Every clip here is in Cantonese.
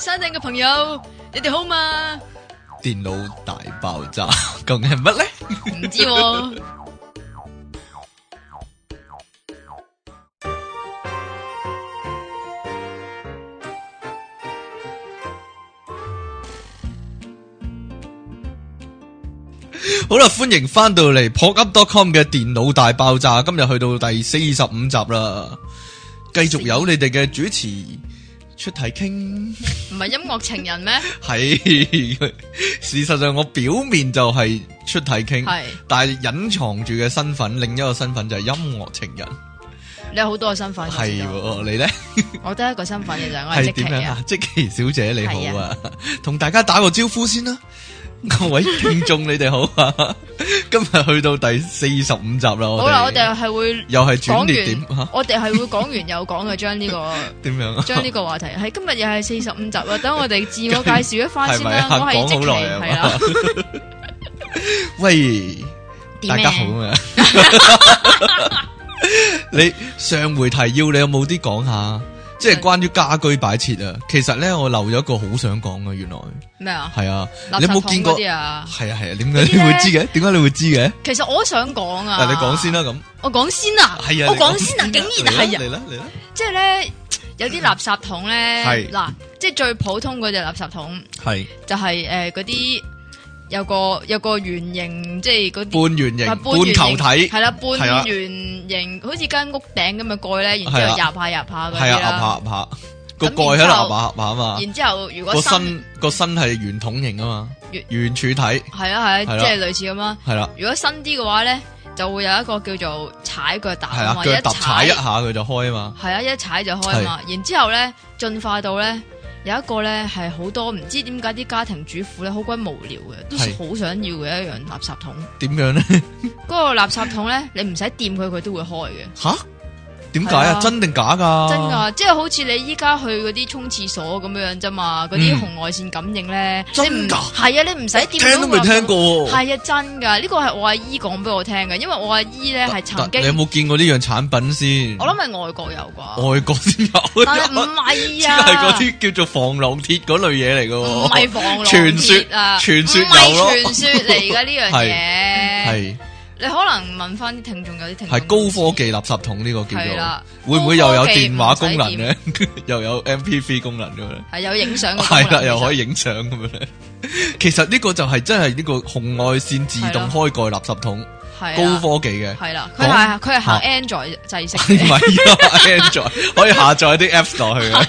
山頂嘅朋友，你哋好嘛？電腦大爆炸，究竟係乜呢？唔知。啊、 好啦，歡迎翻到嚟 pokup.com 嘅電腦大爆炸，今日去到第四十五集啦，繼續有你哋嘅主持。出體 king 唔係音樂情人咩？係 事實上我表面就係出體 king，係是但係隱藏住嘅身份，另一個身份就係音樂情人。你有好多嘅身份，係你咧？我得一個身份嘅啫，我係積淇啊！積淇小姐你好啊，同的 大家打個招呼先啦。各位聽眾，你哋好！啊！今日去到第四十五集啦，好啦了，我哋係會又係轉捩點，完麼我哋係會講完又講嘅，將呢、這個點樣，將呢個話題係今日又係四十五集啦。等我哋自我介紹一番先啦，我係職嚟，係啦。喂，麼大家好啊！你上回提要，你有冇啲講下？即係關於家居擺設啊，其實咧我留咗一個好想講嘅，原來咩啊？係啊，你有冇見過？係啊係啊，點解你會知嘅？點解你會知嘅？其實我都想講啊。但係你講先啦，咁我講先啊。係啊，我講先啊，竟然係啊。嚟啦嚟啦，即係咧有啲垃圾桶咧，係嗱，即係最普通嗰隻垃圾桶，係就係誒嗰啲。有個有個圓形，即係嗰半圓形，半球體，係啦，半圓形，好似間屋頂咁樣蓋咧，然之後入下入下嗰啲，係啊，下個蓋喺度入下入下啊嘛。然之後如果身個身係圓筒形啊嘛，圓柱體係啊係，即係類似咁啊。係啦，如果新啲嘅話咧，就會有一個叫做踩腳踏啊嘛，一踩一下佢就開啊嘛。係啊，一踩就開啊嘛。然之後咧，進化到咧。有一個咧係好多唔知點解啲家庭主婦咧好鬼無聊嘅，都係好想要嘅一樣垃圾桶。點樣咧？嗰 個垃圾桶咧，你唔使掂佢，佢都會開嘅。嚇！點解啊？真定假噶？真噶，即係好似你依家去嗰啲沖廁所咁樣樣啫嘛，嗰啲紅外線感應咧，真噶係啊，你唔使點聽都未聽過，係啊真噶呢個係我阿姨講俾我聽嘅，因為我阿姨咧係曾經。你有冇見過呢樣產品先？我諗係外國有啩。外國先有，唔係啊，係嗰啲叫做防狼鐵嗰類嘢嚟嘅，唔係防狼鐵啊，傳說唔係傳說嚟嘅呢樣嘢。你可能問翻啲聽眾，有啲聽係高科技垃圾桶呢個叫做會唔會又有電話功能咧？又有 MPV 功能嘅咧？係有影相功能，係啦，又可以影相咁樣咧。其實呢個就係真係呢個紅外線自動開蓋垃圾桶，高科技嘅。係啦，佢係佢係係 Android 制式，唔係依家 Android 可以下載啲 Apps 落去啊！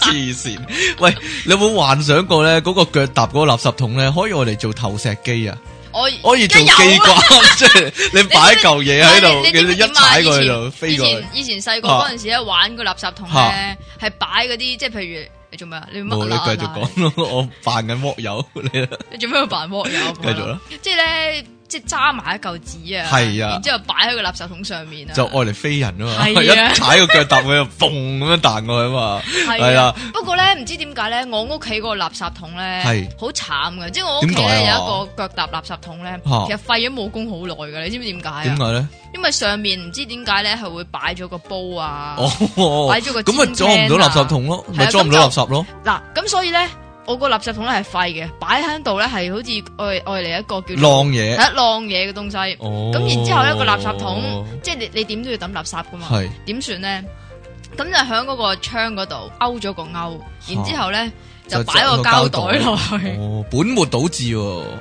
黐線，喂，你有冇幻想過咧？嗰個腳踏嗰個垃圾桶咧，可以用嚟做投石機啊！我可以做機關，即係你擺一嚿嘢喺度，跟住一踩佢喺度飛過去。以前細個嗰陣時咧、啊、玩個垃圾桶咧，係擺嗰啲即係譬如你做咩啊？你剝友。冇你繼續講咯， 我扮緊剝友，你你做咩扮剝友，繼續啦。即係咧。即係揸埋一嚿紙啊，係啊，然之後擺喺個垃圾桶上面啊，就愛嚟飛人啊嘛，一踩個腳踏佢就嘣咁樣彈過啊嘛，係啊！不過咧，唔知點解咧，我屋企個垃圾桶咧係好慘嘅，即係我屋企咧有一個腳踏垃圾桶咧，其實廢咗武功好耐嘅，你知唔知點解啊？點解咧？因為上面唔知點解咧係會擺咗個煲啊，擺咗個煲，咁咪裝唔到垃圾桶咯，咪裝唔到垃圾咯。嗱，咁所以咧。我個垃圾桶咧係廢嘅，擺喺度咧係好似外外嚟，一個叫浪嘢，係一浪嘢嘅東西。咁然之後一個垃圾桶，即係你你點都要抌垃圾噶嘛？點算咧？咁就喺嗰個窗嗰度勾咗個勾，然之後咧就擺個膠袋落去。本末倒置，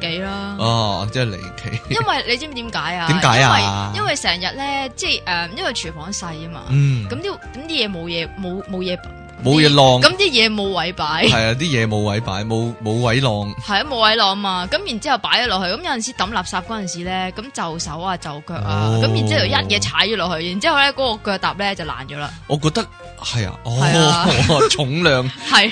幾啦？哦，真係離奇。因為你知唔知點解啊？點解啊？因為成日咧，即係誒，因為廚房細啊嘛。嗯。咁啲咁啲嘢冇嘢冇冇嘢。冇嘢晾，咁啲嘢冇位擺，係啊，啲嘢冇位擺，冇冇位晾，係啊，冇位晾啊嘛。咁然之後擺咗落去，咁有陣時抌垃圾嗰陣時咧，咁就手啊就腳啊，咁然之後一嘢踩咗落去，然之後咧嗰個腳踏咧就爛咗啦。我覺得係啊，重量，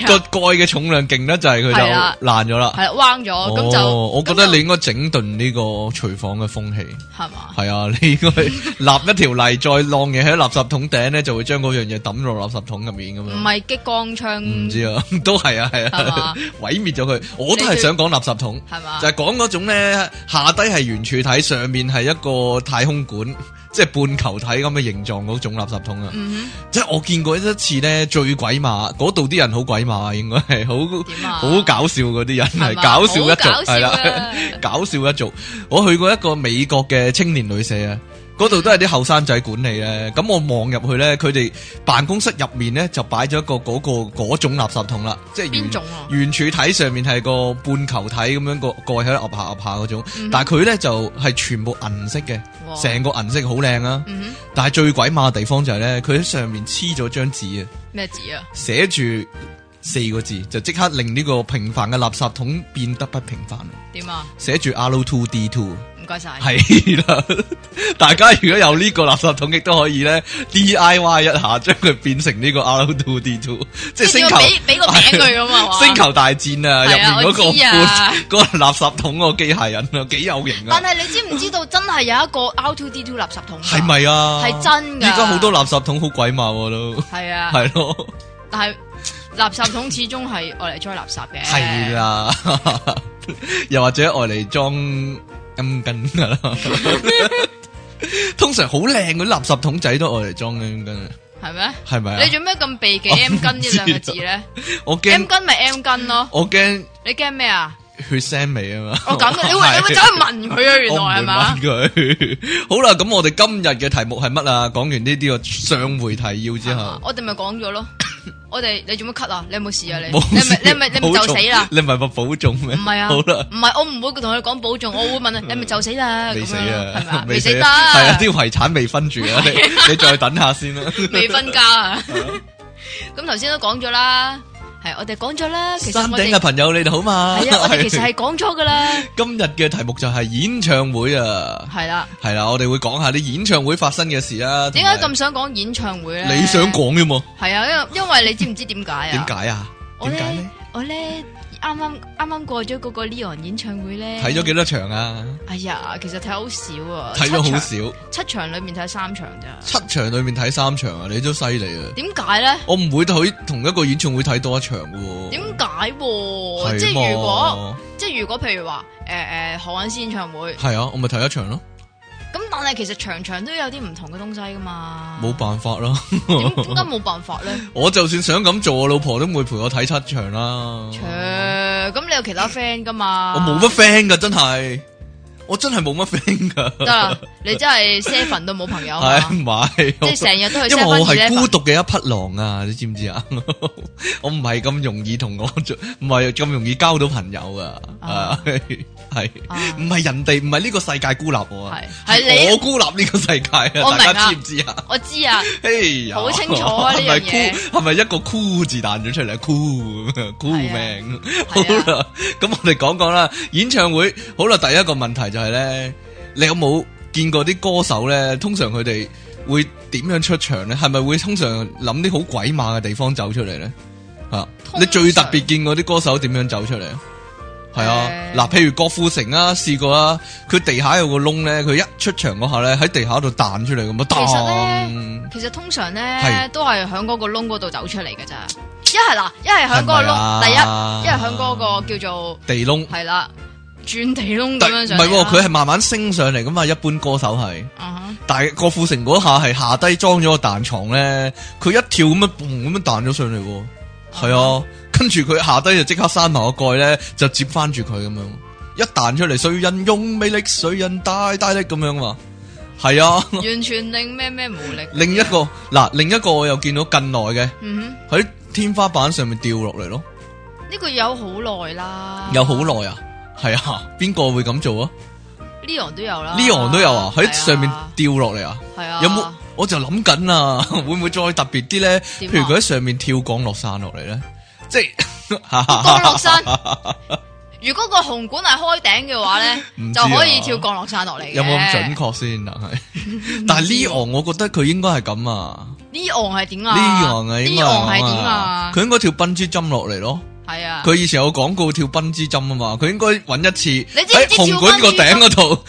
個蓋嘅重量勁得滯，佢就爛咗啦，係彎咗。咁就，我覺得你應該整頓呢個廚房嘅風氣，係嘛？係啊，你應該立一條例再晾嘢喺垃圾桶頂咧，就會將嗰樣嘢抌落垃圾桶入面咁樣。唔係。激光槍唔知啊，都係啊，係啊吧，毀滅咗佢。我都係想講垃圾桶，係嘛吧，就係講嗰種咧，下低係圓柱體，上面係一個太空館，即係半球體咁嘅形狀嗰種垃圾桶啊。嗯、即係我見過一次咧，最鬼馬，嗰度啲人好鬼馬，應該係好好搞笑嗰啲人，係吧搞笑一族，係啦、啊，搞笑一族。我去過一個美國嘅青年旅社啊。嗰度 都係啲後生仔管理咧，咁我望入去咧，佢哋辦公室入面咧就擺咗個嗰、那個種垃圾桶啦，即係原，、邊種啊、原柱體上面係個半球體咁樣個蓋喺度壓下壓下嗰種，嗯、哼但係佢咧就係、是、全部銀色嘅，成哇個銀色好靚啊！嗯、哼但係最鬼馬嘅地方就係、是、咧，佢喺上面黐咗張紙啊，咩紙啊？寫住四個字，就即刻令呢個平凡嘅垃圾桶變得不平凡。點啊了？寫住 R two D two。係啦謝，大家如果有呢個垃圾桶亦都可以咧，D I Y 一下，將佢變成呢個 R2D2，即係星球，俾個名佢咁啊嘛！的哇星球大戰啊，入邊嗰個、啊、個垃圾桶個機械人啊，幾有型啊！但係你知唔知道，真係有一個 R2D2 垃圾桶係咪啊？係真㗎！而家好多垃圾桶好鬼猛都係啊，係咯的，的但係垃圾桶始終係愛嚟裝垃圾嘅，係啦是的， 又或者愛嚟裝。M 根噶啦，通常好靚個垃圾桶仔都愛嚟裝 M 根啊，係咩？係咪啊？你做咩咁避忌 M 根呢兩個字咧？我驚 M 根咪 M 根咯，我驚你驚咩啊？血腥味啊嘛，我咁你話你會走去聞佢啊？原來係嘛？佢好啦，咁我哋今日嘅題目係乜啊？講完呢啲個上回提要之後，我哋咪講咗咯。我哋你做乜咳啊？你有冇事啊？你你咪你咪你咪就死啦！你咪話保重咩？唔係啊，好啦，唔係我唔會同佢講保重，我會問你，你咪就死啦？未死啊？係咪？未死得？係啊，啲遺產未分住啊！你你再等下先啦。未分家啊？咁頭先都講咗啦。係，我哋講咗啦。其實山頂嘅朋友你哋好嘛？係啊，我哋其實係講咗噶啦。 今日嘅題目就係演唱會啊。係啦了，係啦，我哋會講下啲演唱會發生嘅事啊。點解咁想講演唱會咧有？你想講嘅嘛？係 啊，因因為你知唔知點解啊？點解啊？點解咧？我咧。 啱啱啱啱過咗嗰個 Leon 演唱會咧，睇咗幾多場啊？哎呀，其實睇好少啊，睇咗好少七，七場裏面睇三場咋？七場裏面睇三場啊？你都犀利啊？點解咧？我唔會睇同一個演唱會睇多一場嘅、啊。點解、啊？吧即係如果即係如果，即如果譬如話誒誒，何韻詩演唱會係啊，我咪睇一場咯、啊。但係其實場場都有啲唔同嘅東西噶嘛，冇辦法啦。點解冇辦法咧？我就算想咁做，我老婆都唔會陪我睇七場啦。咁、呃、你有其他 friend 噶嘛？我冇乜 friend 噶，真係，我真係冇乜 friend 噶。得 你真係 seven 都冇朋友係唔係？ 是是即係成日都去 seven 因為我係孤獨嘅一匹狼啊！你知唔知啊？ 我唔係咁容易同我做唔係咁容易交到朋友噶。啊 係，唔係人哋，唔係呢個世界孤立我啊！係你我孤立呢個世界啊！大家知唔知啊？我知啊， hey, 好清楚啊！呢樣係咪酷？係咪一個酷字彈咗出嚟啊？酷酷命！ 啊、好啦，咁我哋講講啦。演唱會好啦，第一個問題就係、是、咧，你有冇見過啲歌手咧？通常佢哋會點樣出場咧？係咪會通常諗啲好鬼馬嘅地方走出嚟咧？啊通常，你最特別見過啲歌手點樣走出嚟啊？係啊，嗱，譬如郭富城啊，試過啊，佢地下有個窿咧，佢一出場嗰下咧，喺地下度彈出嚟咁樣，彈。其實咧，其實通常咧是都係喺嗰個窿嗰度走出嚟嘅咋，一係嗱，一係喺嗰個窿，第一，啊，一係喺嗰個叫做地窿洞，係啦，轉地窿咁樣上。唔係，佢係，啊、慢慢升上嚟噶嘛，一般歌手係，uh huh. 但係郭富城嗰下係下低裝咗個彈床咧，佢一跳咁樣，嘣咁樣彈咗上嚟喎，係啊。跟住佢下低就即刻閂埋個蓋咧，就接翻住佢咁樣，一彈出嚟，水印用魅力，水印大大力咁樣嘛，係啊，完全令咩咩無力。另一個嗱，啊、另一個我又見到更耐嘅，喺、嗯、哼天花板上面掉落嚟咯。呢個有好耐、啊啊啊、啦，有好耐啊，係啊，邊個會咁做啊？Leon 都有啦，Leon 都有啊，喺上面掉落嚟啊，係啊，有冇？我就諗緊啊，會唔會再特別啲咧？啊、譬如佢喺上面跳降落山落嚟咧？即係降落傘。如果個紅館係開頂嘅話咧，就可以跳降落傘落嚟。有冇咁準確先啊？但係 Leon，我覺得佢應該係咁啊。Leon 係點啊？Leon 係點啊？佢應該跳笨豬跳落嚟咯。係啊。佢以前有廣告跳笨豬跳啊嘛。佢應該揾一次你知紅館個頂嗰度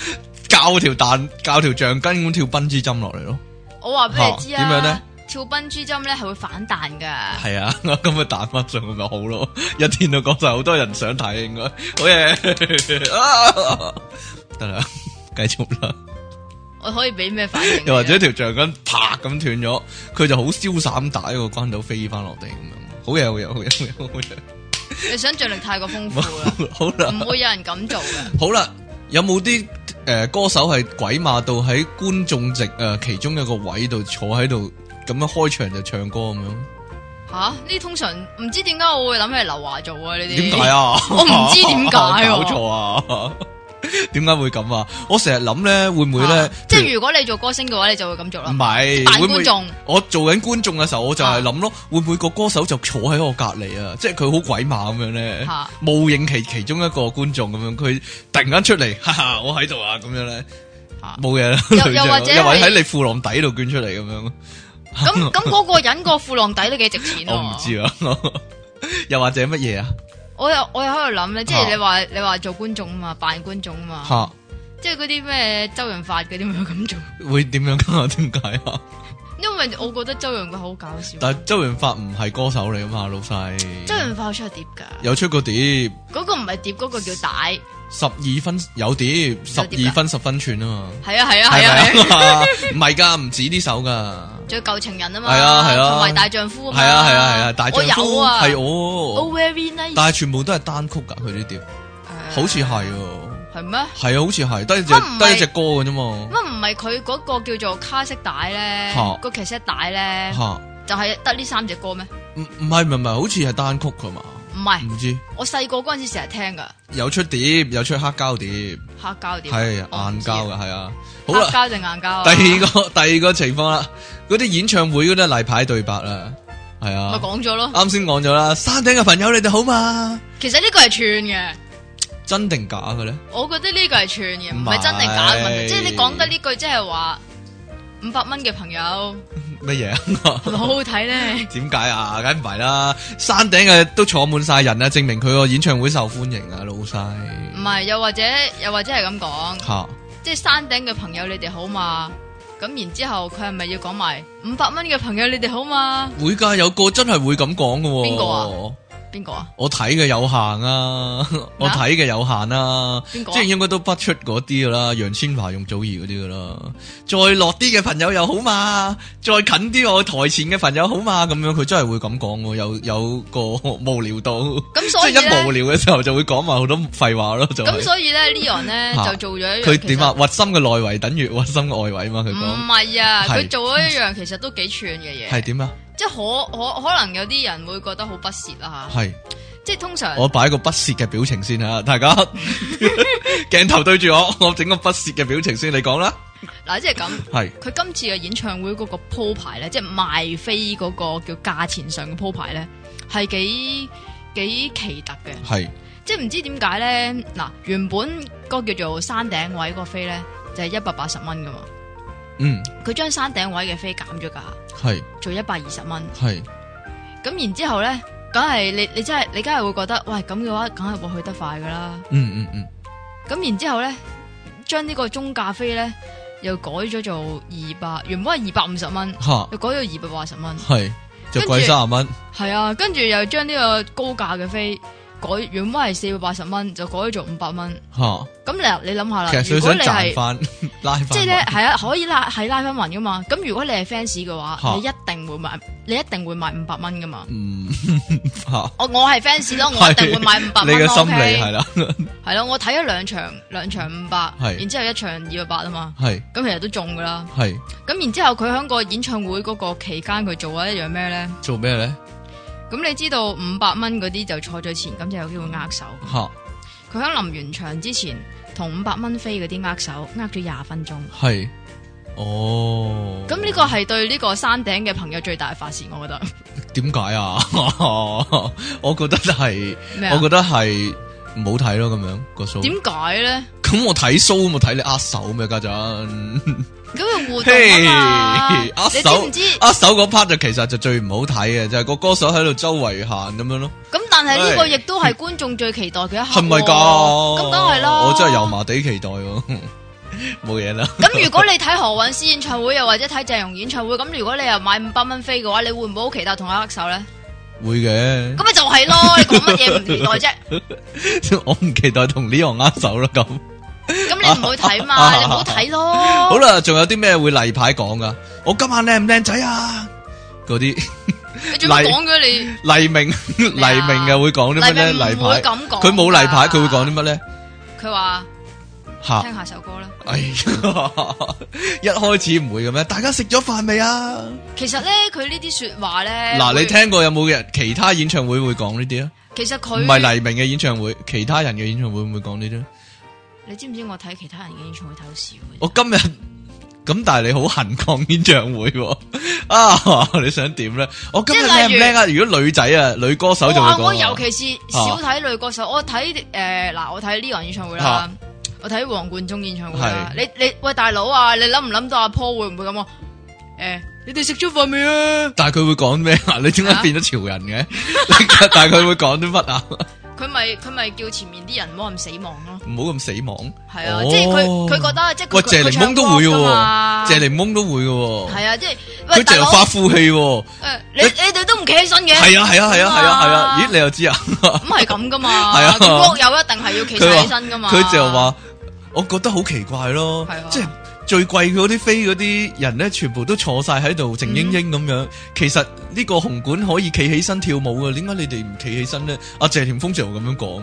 教條彈教條橡筋咁跳笨豬跳落嚟咯。我話俾你知啊。點樣咧？跳笨豬針咧係會反彈嘅，係啊，咁咪彈翻上去咪好咯！一聽到講就好多人想睇，應該好嘢，得、 啊、啦，繼續啦。我可以俾咩反應？又或者條橡筋啪咁斷咗，佢就好瀟灑咁打一個關刀飛翻落地咁樣，好嘢，好嘢，好嘢，好嘢！ 你想像力太過豐富啦， 好啦，唔會有人咁做嘅。好啦，有冇啲誒歌手係鬼馬到喺觀眾席誒、呃、其中一個位度坐喺度？咁樣開場就唱歌咁樣，吓呢？通常唔知點解我會諗起劉華做啊？呢啲點解啊？我唔知點解，冇錯啊！點解會咁啊？我成日諗咧，會唔會咧？即係如果你做歌星嘅話，你就會咁做啦。唔係扮觀眾，我做緊觀眾嘅時候，我就係諗咯，會唔會個歌手就坐喺我隔籬啊？即係佢好鬼馬咁樣咧，冇影其、其中一個觀眾咁樣，佢突然間出嚟，哈哈，我喺度啊，咁樣咧，冇嘢啦。又或者又或者喺你褲襠底度捐出嚟咁樣。咁咁嗰個人個褲浪底都幾值錢啊！我唔知啊， 又或者乜嘢啊？我又我又喺度諗咧，即係你話你話做觀眾啊嘛，扮觀眾啊嘛， 即係嗰啲咩周潤發嘅，點解咁做？會點樣啊？點解啊？ 因為我覺得周潤發好搞笑啊。但係周潤發唔係歌手嚟啊嘛，老細。周潤發出碟噶？有出過碟？嗰個唔係碟，嗰、嗰個叫帶。十二分有碟，十二分十分寸啊嘛！係啊係啊係啊，唔係噶，唔止呢首噶，仲有舊情人啊嘛，係啊係啊，唔係大丈夫啊係啊係啊係啊，大丈夫，係我，我但係全部都係單曲噶，佢啲碟，好似係，係咩？係啊，好似係，得一隻得一隻歌嘅啫嘛。乜唔係佢嗰個叫做卡式帶咧，嗰其卡式帶咧，就係得呢三隻歌咩？唔唔係唔係，好似係單曲噶嘛？唔係，唔知我細個嗰陣時成日聽噶，有出碟，有出黑膠碟，黑膠碟係是、哦、硬膠噶，係啊，黑膠定硬膠、啊。第二個第二個情況啦，嗰啲演唱會嗰啲例牌對白啦，係啊，咪講咗咯，啱先講咗啦，山頂嘅朋友你哋好嘛？其實個呢個係串嘅，真定假嘅咧？我覺得呢個係串嘅，唔係真定假嘅問題，即係你講得呢句，即係話。五百蚊嘅朋友，乜嘢什麼 好好睇咧，點解啊？梗唔係啦，山頂嘅都坐滿晒人啦、啊，證明佢個演唱會受歡迎啊，老細。唔係，又或者，又或者係咁講，哈即係山頂嘅朋友，你哋好嘛？咁然之後，佢係咪要講埋五百蚊嘅朋友，你哋好嘛？會噶，有個真係會咁講噶，邊個啊？邊個啊？我睇嘅有限啊， 我睇嘅有限啊，說即係應該都不出嗰啲噶啦，楊千嬅、容祖兒嗰啲噶啦，再落啲嘅朋友又好嘛，再近啲我台前嘅朋友好嘛，咁樣佢真係會咁講，有有個無聊到，即係 一無聊嘅時候就會講埋好多廢話咯。咁、就是、 所以咧，Leon 咧 就做咗一樣，佢點啊？啊實核心嘅內圍等於核心嘅外圍嘛？佢講唔係啊，佢是做咗一樣其實都幾串嘅嘢。係點啊？即係可可可能有啲人會覺得好不屑啦，吓，係是即係通常我擺個不屑嘅表情先吓，大家鏡 頭對住我，我整個不屑嘅表情先，你講啦。嗱，即係咁，係佢今次嘅演唱會嗰個鋪排咧，即係賣飛嗰個叫價錢上嘅鋪排咧，係幾幾奇特嘅。係是即係唔知點解咧？嗱，原本個叫做山頂位個飛咧，就係一百八十蚊噶嘛。嗯，佢將山頂位嘅飛減咗價，係是做一百二十蚊。係咁是，然之後咧，梗係你你，你真係你梗係會覺得，喂咁嘅話，梗係會去得快噶啦。嗯嗯嗯。咁、嗯嗯、然之後咧，將呢個中價飛咧又改咗做二百，原本係二百五十蚊，吓，又改咗二百八十蚊，係哈就貴三十蚊。係著 啊，跟住又將呢個高價嘅飛。改原本係四百八十蚊，就改咗做五百蚊。咁你你諗下啦，如果你係拉，即係咧，係啊，可以拉，係拉翻匀噶嘛。咁如果你係 fans 嘅話，你一定會買，你一定會買五百蚊噶嘛。我我係 fans 咯，我一定會買五百蚊。嘅心理。OK，係啦，係啦，我睇咗兩場，兩場五百，然之後一場二百八啊嘛。係，咁其實都中噶啦。係，咁然之後佢喺個演唱會嗰個期間，佢做咗一樣咩咧？做咩咧？咁你知道五百蚊嗰啲就坐最前，咁就有機會握手。佢喺臨完場之前，同五百蚊飛嗰啲握手，握咗廿分鐘。係，哦。咁呢個係對呢個山頂嘅朋友最大嘅發洩，我覺得。點解啊？ 我覺得係，啊、我覺得係唔好睇咯，咁、那、樣個 show。點解咧？咁我睇 show，我睇你握手咩家陣？ 咁要換你知唔知？握手嗰 part 就其實就最唔好睇嘅，就係、是、個歌手喺度周圍行咁樣咯。咁但係呢個亦都係觀眾最期待嘅一刻、啊。係咪噶？咁梗係啦，我真係油麻地期待嘅、啊，冇嘢啦。咁 如果你睇何韻詩演，演唱會，又或者睇鄭融演唱會，咁如果你又買五百蚊飛嘅話，你會唔會好期待同佢的 握手咧？會嘅。咁咪就係咯，你講乜嘢唔期待啫？我唔期待同呢 e 握手啦，咁。咁你唔會睇嘛，你唔好睇咯。好啦，仲有啲咩會例牌講噶？我今晚靚唔靚仔啊？嗰啲你仲講嘅，你黎明黎明又會講啲咩咧？例牌咁講，佢冇例牌，佢會講啲乜咧？佢話聽下首歌啦。哎呀，一開始唔會嘅咩？大家食咗飯未啊？其實咧，佢呢啲說話咧，嗱，你聽過有冇其他演唱會會講呢啲啊？其實佢唔係黎明嘅演唱會，其他人嘅演唱會會唔會講呢啲？你知唔知我睇其他人嘅演唱會睇少我會、啊啊？我今日咁，但係你好恨抗演唱會喎啊！你想點咧？我今日係咩啊？如果女仔啊，女歌手就、哦啊、我尤其是少睇女歌手，啊、我睇誒嗱，我睇呢 e o 演唱會啦，啊、我睇王冠中演唱會啦。是你你喂大佬啊，你諗唔諗到阿婆 o 會唔會咁誒、啊呃，你哋食咗飯未啊？ 但係佢會講咩啊？你點解變咗潮人嘅？但係佢會講啲乜啊？佢咪佢咪叫前面啲人唔好咁死亡咯，唔好咁死亡。係啊，即係佢佢覺得即係佢佢唱得好，借檸檬都會噶，借檸檬都會噶。係啊，即係佢淨係發呼氣。誒，你你哋都唔企起身嘅。係啊，係啊，係啊，係啊，係啊，咦，你又知啊？咁係咁噶嘛？係啊，有一定係要企起身噶嘛。佢就話，我覺得好奇怪咯，即係。最貴嗰啲飛嗰啲人咧，全部都坐晒喺度靜英英咁樣。其實呢個紅館可以企起身跳舞嘅，點解你哋唔企起身咧？阿謝霆鋒就咁樣講，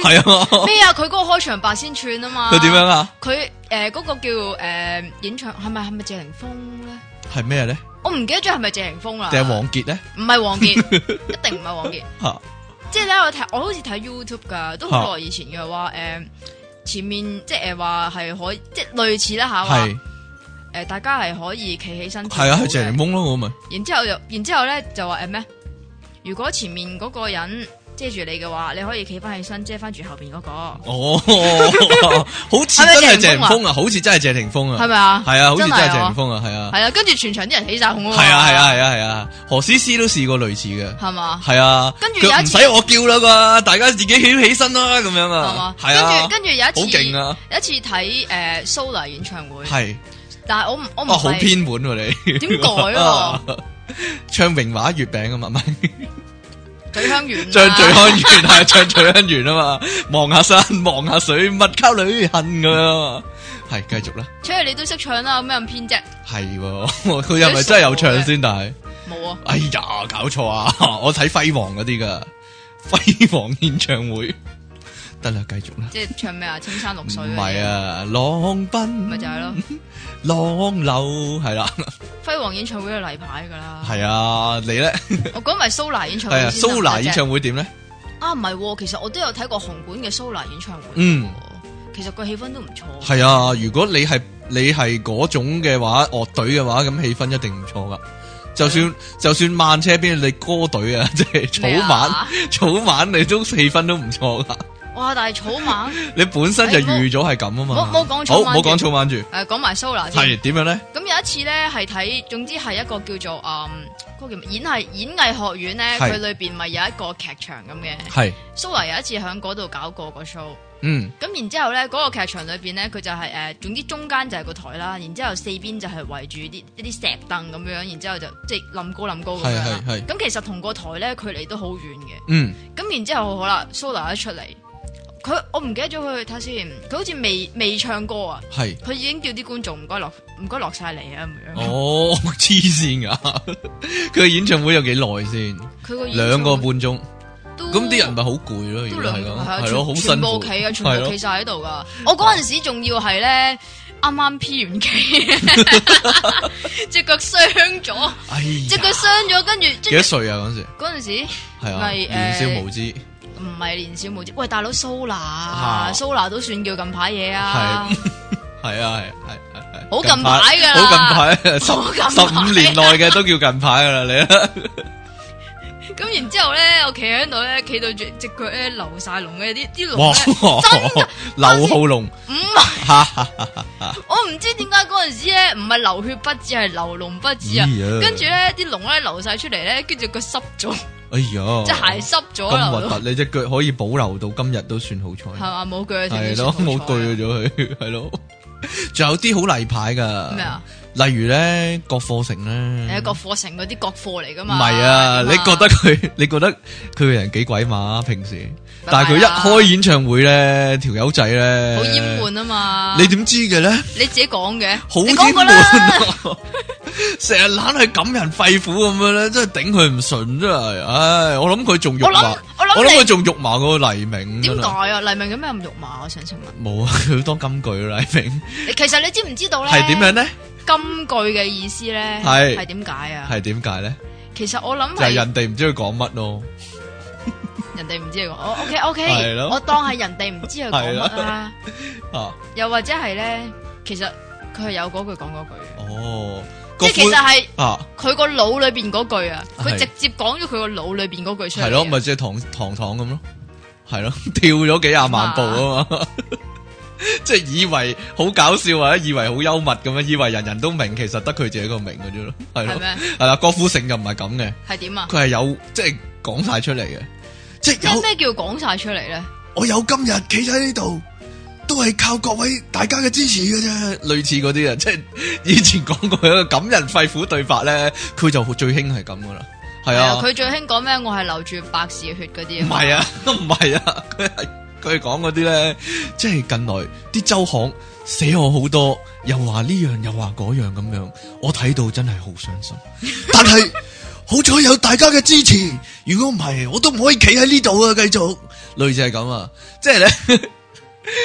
係啊。咩 啊？佢嗰 個開場白先串啊嘛。佢點樣啊？佢誒嗰個叫誒、呃、演唱係咪係咪謝霆鋒咧？係咩咧？我唔記得咗係咪謝霆鋒啦。定係王傑咧？唔係王傑， 一定唔係王傑。吓， 即係咧我睇，我好似睇 YouTube 噶，都好耐以前嘅話誒。前面即係誒話係可以即係、就是、類似一下，誒是、呃、大家係可以企起身。係的的啊，係鄭夢咯，的我咪。然之後又，然之後咧就話誒咩？如果前面嗰個人，遮住你嘅話，你可以企翻起身遮翻住後邊嗰個。哦，好似真係謝霆鋒啊，好似真係謝霆鋒啊。係咪啊？係啊，好似真係謝霆鋒啊，係啊。係啊，跟住全場啲人起晒哄。係啊，係啊，係啊，係啊。何詩詩都試過類似嘅。係嘛？係啊。跟住有一次唔使我叫啦嘛，大家自己起起身啦咁樣啊。係啊。跟住跟住有一次勁啊！有一次睇誒 Soler 演唱會。係。但係我唔我好偏門喎，你點改啊？唱榮華月餅啊嘛咪。醉香園、啊 啊，唱醉香園、啊，係唱醉香園啊嘛！望下山，望下水，勿靠旅行噶、啊，係繼續啦。出去你都識唱啦，咁咩咁偏啫？係，佢係咪真係有唱先？但係是冇啊！哎呀，搞錯啊！我睇輝煌嗰啲噶，輝煌演唱會。得啦，繼續啦。即係唱咩啊？青山綠水唔係啊，浪奔咪就係咯，浪流係啦。輝煌演唱會嘅例牌噶啦。係啊，你咧？我講埋 Soler 演唱會。係啊，Soler 演唱會點咧？啊，唔係，其實我都有睇過紅館嘅 Soler 演唱會。嗯，其實個氣氛都唔錯。係啊，如果你係你係嗰種嘅話，樂隊嘅話，咁氣氛一定唔錯噶。就算就算慢車邊你歌隊啊，即係草蜢，草蜢你都氣氛都唔錯噶。哇！但係草蜢，你本身就預咗係咁啊嘛，冇冇講草蜢住。誒，講埋 Sola 先。係點樣咧？咁有一次咧，係睇總之係一個叫做叫演藝演藝學院咧，佢裏邊咪有一個劇場咁嘅。係 Sola 有一次喺嗰度搞過個 show。嗯。咁然之後咧，嗰個劇場裏邊咧，佢就係誒總之中間就係個台啦，然之後四邊就係圍住啲一啲石凳咁樣，然之後就即係冧高冧高咁樣。咁其實同個台咧距離都好遠嘅。嗯。咁然之後好啦，Sola 一出嚟。佢我唔記得咗佢，睇先，佢好似未未唱歌啊，係佢已經叫啲觀眾唔該落唔該落晒嚟啊咁樣。哦，黐線噶，佢嘅演唱會有幾耐先？佢個兩個半鐘，咁啲人咪好攰咯，都係咁，係咯，好辛苦企啊，全部企晒喺度噶。我嗰陣時仲要係咧，啱啱 P 完機，隻腳傷咗，隻腳傷咗，跟住幾多歲啊嗰陣時？嗰陣時係啊，年少無知。唔係年少無知，喂，大佬蘇娜，蘇娜都算叫近排嘢啊！係啊係係係係好近排噶啦，好近排十五年內嘅都叫近排噶啦你。咁然之後咧，我企喺度咧，企到住隻腳咧流晒膿嘅，啲啲膿真啊流好膿，唔係。我唔知點解嗰陣時咧，唔係流血不止，係流膿不止啊！跟住咧，啲膿咧流晒出嚟咧，跟住佢濕咗。哎呀！即鞋濕咗啦，咁核突你隻腳可以保留到今日都算好彩，係嘛冇腳，係咯冇對咗佢，係咯，仲有啲好例牌噶咩啊？例如咧，國貨城咧，誒，國貨城嗰啲國貨嚟噶嘛？唔係啊，你覺得佢？你覺得佢個人幾鬼馬，平時？但係佢一開演唱會咧，條友仔咧，好煙悶啊嘛！你點知嘅咧？你自己講嘅，好煙悶，成日懶係感人肺腑咁樣咧，真係頂佢唔順，真係。唉，我諗佢仲肉麻，我諗我諗佢仲肉麻過黎明。點解啊？黎明有咩咁肉麻？我想請問。冇啊，佢好多金句啦，黎明。其實你知唔知道咧？係點樣咧？金句嘅意思咧？係係點解啊？係點解咧？其實我諗就係人哋唔知佢講乜咯。人哋唔知喎，我 OK OK，我當係人哋唔知佢講乜啦。啊，又或者係咧，其實佢係有嗰句講嗰句。哦，即係其實係啊，佢個腦裏邊嗰句啊，佢直接講咗佢個腦裏邊嗰句出嚟。係咯，咪即係堂堂堂咁咯，係咯，跳咗幾廿萬步啊嘛，即係以為好搞笑或者以為好幽默咁樣，以為人人都明，其實得佢自己個名嘅咋咯，係咯，係啦，郭富城就唔係咁嘅，係點啊？佢係有即係講晒出嚟嘅。即咩叫講晒出嚟咧？我有今日企喺呢度，都係靠各位大家嘅支持嘅啫。類似嗰啲啊，即係以前講過有個感人肺腑對白咧，佢就最興係咁噶啦。係啊，佢、啊、最興講咩？我係流住百事血嗰啲啊，唔係啊，都唔係啊，佢係佢係講嗰啲咧，即係近來啲周刊寫我好多，又話呢樣又話嗰樣咁樣，我睇到真係好傷心，但係。 好彩有大家嘅支持，如果唔係，我都唔可以企喺呢度啊！繼續類似係咁啊，即係咧。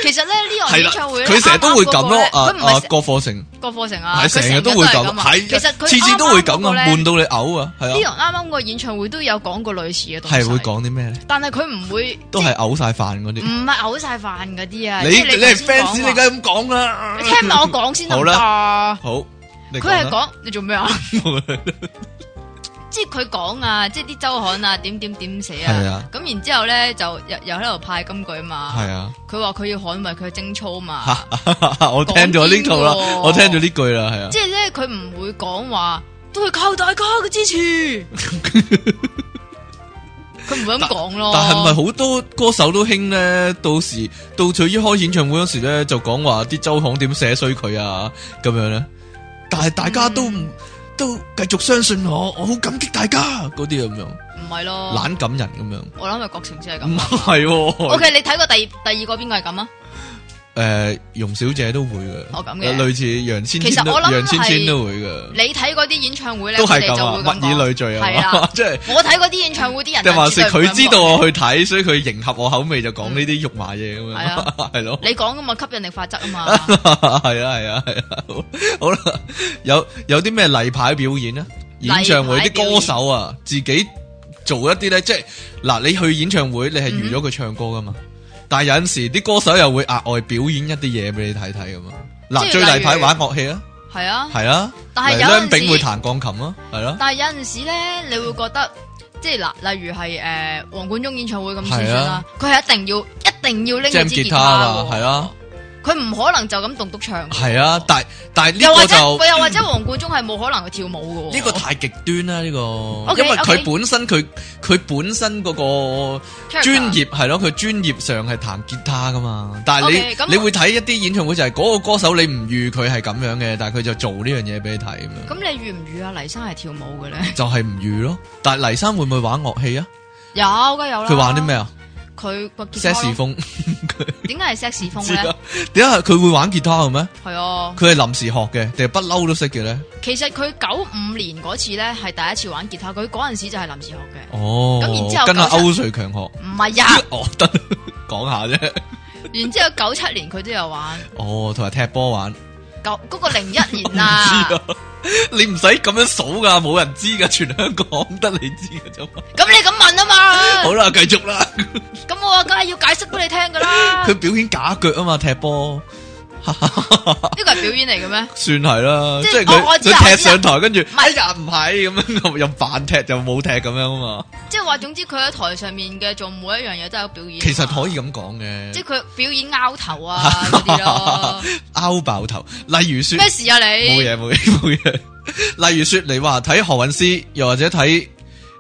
其實咧呢個演唱會佢成日都會咁咯。啊啊，郭富城，郭富城啊，成日都會咁。其實佢次次都會咁啊，悶到你嘔啊！係啊，啱啱個演唱會都有講過類似嘅東。係會講啲咩咧？但係佢唔會都係嘔晒飯嗰啲。唔係嘔晒飯嗰啲啊！你你係 fans，你梗係咁講啦。你聽埋我講先好啦，好。佢係講你做咩啊？即係佢講啊，即係啲周刊啊，點點點寫啊，咁、啊、然之後咧就又又喺度派金句嘛，佢話佢要捍衛佢嘅貞操嘛，我聽咗呢套啦，我聽咗呢句啦，係啊，啊即係咧佢唔會講話，都係靠大家嘅支持，佢唔 會咁講咯。但係咪好多歌手都興咧？到時到最一開演唱會嗰時咧，就講話啲周刊點寫衰佢啊，咁樣咧？但係大家都唔、嗯。都繼續相信我，我好感激大家嗰啲咁樣。唔係咯，懶感人咁樣。我諗咪國情先係咁。唔係喎。OK，你睇過第二第二個邊個係咁啊？誒，容小姐都會噶，類似楊千千，其實我諗楊千千都會噶。你睇嗰啲演唱會咧，都就會咁物以類聚啊嘛，即係我睇嗰啲演唱會啲人。就係話佢知道我去睇，所以佢迎合我口味就講呢啲肉麻嘢，咁樣，係咯。你講噶嘛吸引力法則啊嘛。係啊係啊係啊，好啦，有有啲咩例牌表演咧？演唱會啲歌手啊，自己做一啲咧，即係嗱，你去演唱會，你係預咗佢唱歌噶嘛？但有陣時啲歌手又會額外表演一啲嘢俾你睇睇咁啊！嗱，是最例牌玩樂器如啊，係啊，係啊。但係有陣時，張炳會彈鋼琴咯，係咯、啊。但係有陣時咧，你會覺得即係嗱，例如係誒黃貫中演唱會咁先算啦。佢係、啊、一定要一定要拎支吉他。佢唔可能就咁獨獨唱。係啊，但係但係呢個就又或者，又或者黃貫中係冇可能去跳舞嘅，呢 個太極端啦，呢個。因為佢本身佢佢本身嗰個專業係咯，佢專 Character. 業上係彈吉他噶嘛。但係你 okay，你會睇一啲演唱會就係嗰個歌手你唔預佢係咁樣嘅，但係佢就做呢樣嘢俾你睇啊嘛。咁 你預唔預啊黎生係跳舞嘅咧？就係唔預咯。但係黎生會唔會玩樂器啊？有梗係有啦。佢玩啲咩啊？佢個色士風。點解係色士風咧？點解佢會玩吉他嘅咩？係啊，佢係臨時學嘅，定係不嬲都識嘅咧？其實佢九五年嗰次咧係第一次玩吉他，佢嗰陣時就係臨時學嘅。哦，咁然之後跟阿歐瑞強學，唔係呀？我得講下啫。然之後九七年佢都有玩，哦，同埋踢波玩。嗰個零一年知啊， 你唔使咁樣數噶，冇人知噶，全香港得你知噶啫 嘛。咁你咁問啊嘛，好啦，繼續啦。咁 我梗係要解釋俾你聽噶啦。佢表演假腳啊嘛，踢波。呢個係表演嚟嘅咩？算係啦，即係佢。佢踢上台，跟住咪呀，唔係咁樣又又扮踢又冇踢咁樣啊嘛。即係話，總之佢喺台上面嘅做每一樣嘢都有表演。其實可以咁講嘅，即係佢表演拗頭啊嗰啲咯，拗爆頭。例如說咩事啊你？冇嘢冇嘢冇嘢。例如說，你話睇何韻詩，又或者睇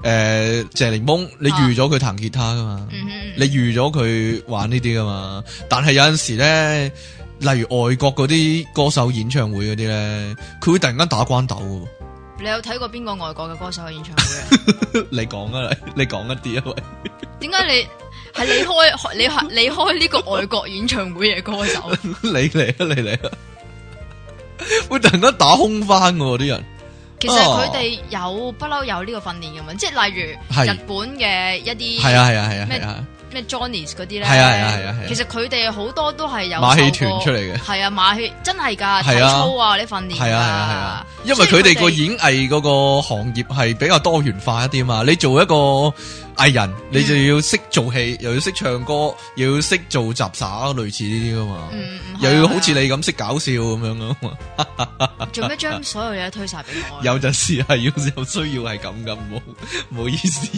誒謝玲瓏，你預咗佢彈吉他㗎嘛？你預咗佢玩呢啲㗎嘛？但係有陣時咧。例如外國嗰啲歌手演唱會嗰啲咧，佢會突然間打關斗嘅。你有睇過邊個外國嘅歌手演唱會？ 你講啊，你你講一啲啊，喂。點解你係你開你開你開呢個外國演唱會嘅歌手？ 你嚟啊！你嚟啊！會 突然間打空翻嘅啲人。其實佢哋有不嬲、啊、有呢個訓練嘅嘛，即係例如日本嘅一啲係啊係啊係啊咩啊。咩 Johnny 嗰啲咧？係啊係啊係啊！啊啊啊其實佢哋好多都係有馬戲團出嚟嘅。係啊馬戲真係噶啊，操啊呢啲訓練啊。啊，呢份年啊，啊，啊，啊。因為佢哋個演藝嗰個行業係比較多元化一啲嘛。你做一個藝人，你就要識做戲，嗯、又要識唱歌，又要識做雜耍，類似呢啲噶嘛。嗯嗯、又要好似你咁識、啊、搞笑咁樣噶嘛。做咩將所有嘢推晒俾我？ 有陣時係要有需要係咁噶，唔好意思。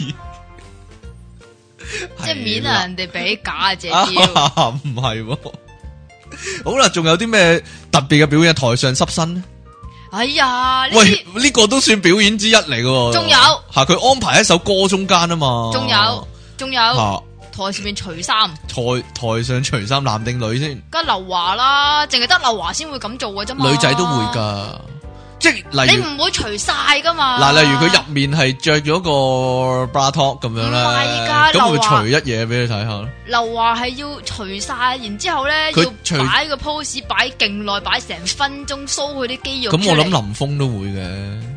即係免 啊！人哋俾假隻腰，唔 係，好啦，仲有啲咩特別嘅表演？台上濕身咧？哎呀，喂，呢、這個都算表演之一嚟嘅。仲有？吓、啊，佢安排一首歌中間啊嘛。仲有，仲有、啊台台，台上面除衫，台台上除衫，男定女先？梗係劉華啦，淨係得劉華先會咁做嘅啫嘛。女仔都會噶。即係例你唔會除晒噶嘛？嗱，例如佢入面係着咗個 bra top 咁樣家都會除一嘢俾你睇下咯。劉華係要除晒，然之後咧他 要擺個 pose 擺勁耐，擺成分鐘 show 佢啲肌肉。咁我諗林峰都會嘅。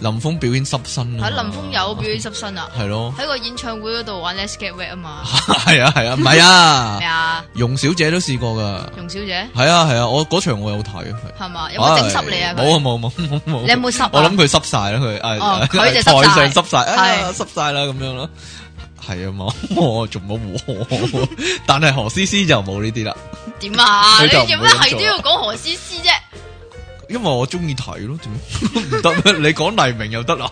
林峰表演濕身啊！喺林峰有表演濕身啊！係咯，喺個演唱會嗰度玩 Let's Get Wet 啊嘛！係啊係啊，唔係啊係啊？容小姐都試過噶，容小姐係啊係啊，我嗰場我有睇，係嘛有冇整濕你啊？冇冇冇冇冇，你有冇濕啊？我諗佢濕晒啦，佢台台上濕晒，係濕晒啦咁樣咯，係啊嘛，我仲冇，但係何詩詩就冇呢啲啦。點啊？你做咩係都要講何詩詩啫？因為我中意睇咯，唔得，你講黎明又得啦。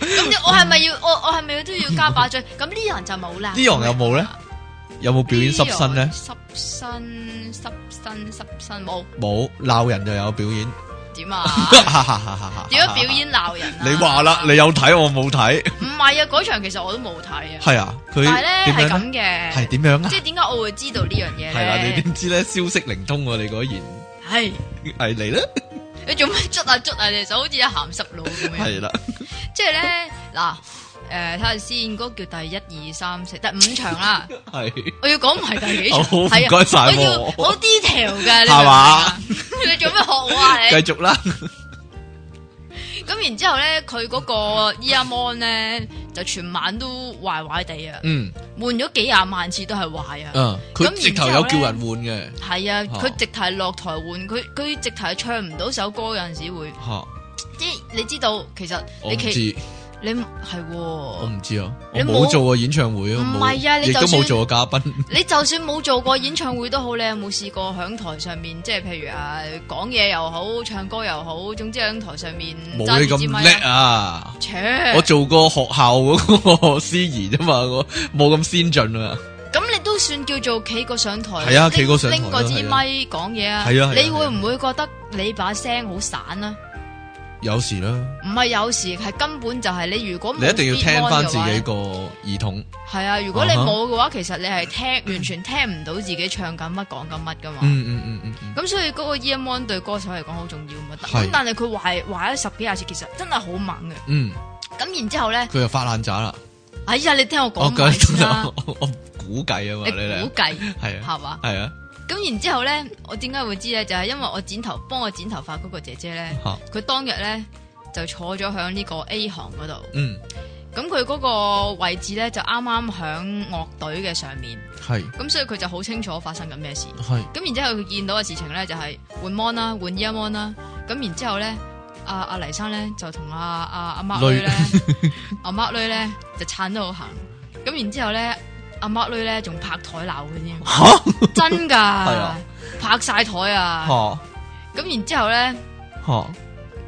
咁我係咪要我我係咪都要加把嘴？咁呢樣就冇啦。呢樣有冇咧？有冇表演濕身咧？濕身濕身濕身冇，冇鬧人就有表演。點啊？哈哈點樣表演鬧人？你話啦，你有睇我冇睇？唔係啊，嗰場其實我都冇睇啊。係啊，佢係咁嘅，係點樣啊？即係點解我會知道呢樣嘢？係啦，你點知咧？消息靈通啊！你果然！係係嚟咧。你做咩捽啊捽啊，你就好似一鹹濕佬咁樣？係啦，即係咧嗱，誒睇下先，嗰個叫第一二三四，第五場啦。係。我要講埋第幾場？好， 唔該晒我要。好 detail 噶，係嘛？你做咩學我啊？你繼 繼續啦吧笑。咁然之後咧，佢嗰個 Eamon 咧。 就全晚都壞壞地啊！嗯，換咗幾廿萬次都係壞啊！嗯，佢直頭有叫人換嘅，係啊，佢、啊、直頭落台換，佢佢直頭唱唔到首歌，有陣時會，即係、啊、你知道，其實我 你其起。你係、哦、我唔知啊，你冇做過演唱會，唔係啊，你都冇做過嘉賓。你就算冇做，做過演唱會都好， 你有冇試過響台上面，即係譬如啊，講嘢又好，唱歌又好，總之響台上面揸支咪啊。冇咁叻啊。 呃、我做過學校嗰個司儀啫嘛，我冇咁先進啊。咁你都算叫做企過上台，係啊，企過上台拎過支咪講嘢啊。係啊，你會唔會覺得你把聲好散啊？有時啦，唔係有時，係根本就係，你如果你一定要聽翻自己個耳筒。係啊，如果你冇嘅話，其實你係聽完全聽唔到自己唱緊乜講緊乜噶嘛。嗯嗯嗯嗯。咁所以嗰個 E M One 對歌手嚟講好重要嘛。咁但係佢壞壞咗十幾廿次，其實真係好猛嘅。咁然之後咧，佢就發爛渣啦。哎呀，你聽我講，我估計啊嘛。你估計。係係嘛？係啊。咁然之後咧，我點解會知咧？就係、是、因為我剪頭幫我剪頭髮嗰個姐姐咧，佢嗎當日咧就坐咗響呢個 A 行嗰度。嗯，咁佢嗰個位置咧就啱啱響樂隊嘅上面。係是，咁所以佢就好清楚發生緊咩事。係是，咁然之後佢見到嘅事情咧就係換 mon 啦，換依一 mon 啦。咁然之後咧，阿阿黎生咧就同阿阿阿孖女咧，阿孖女咧就撐得好行。咁然之後咧。阿孖女咧仲拍台鬧佢添，真噶，拍晒台啊！咁然之後咧，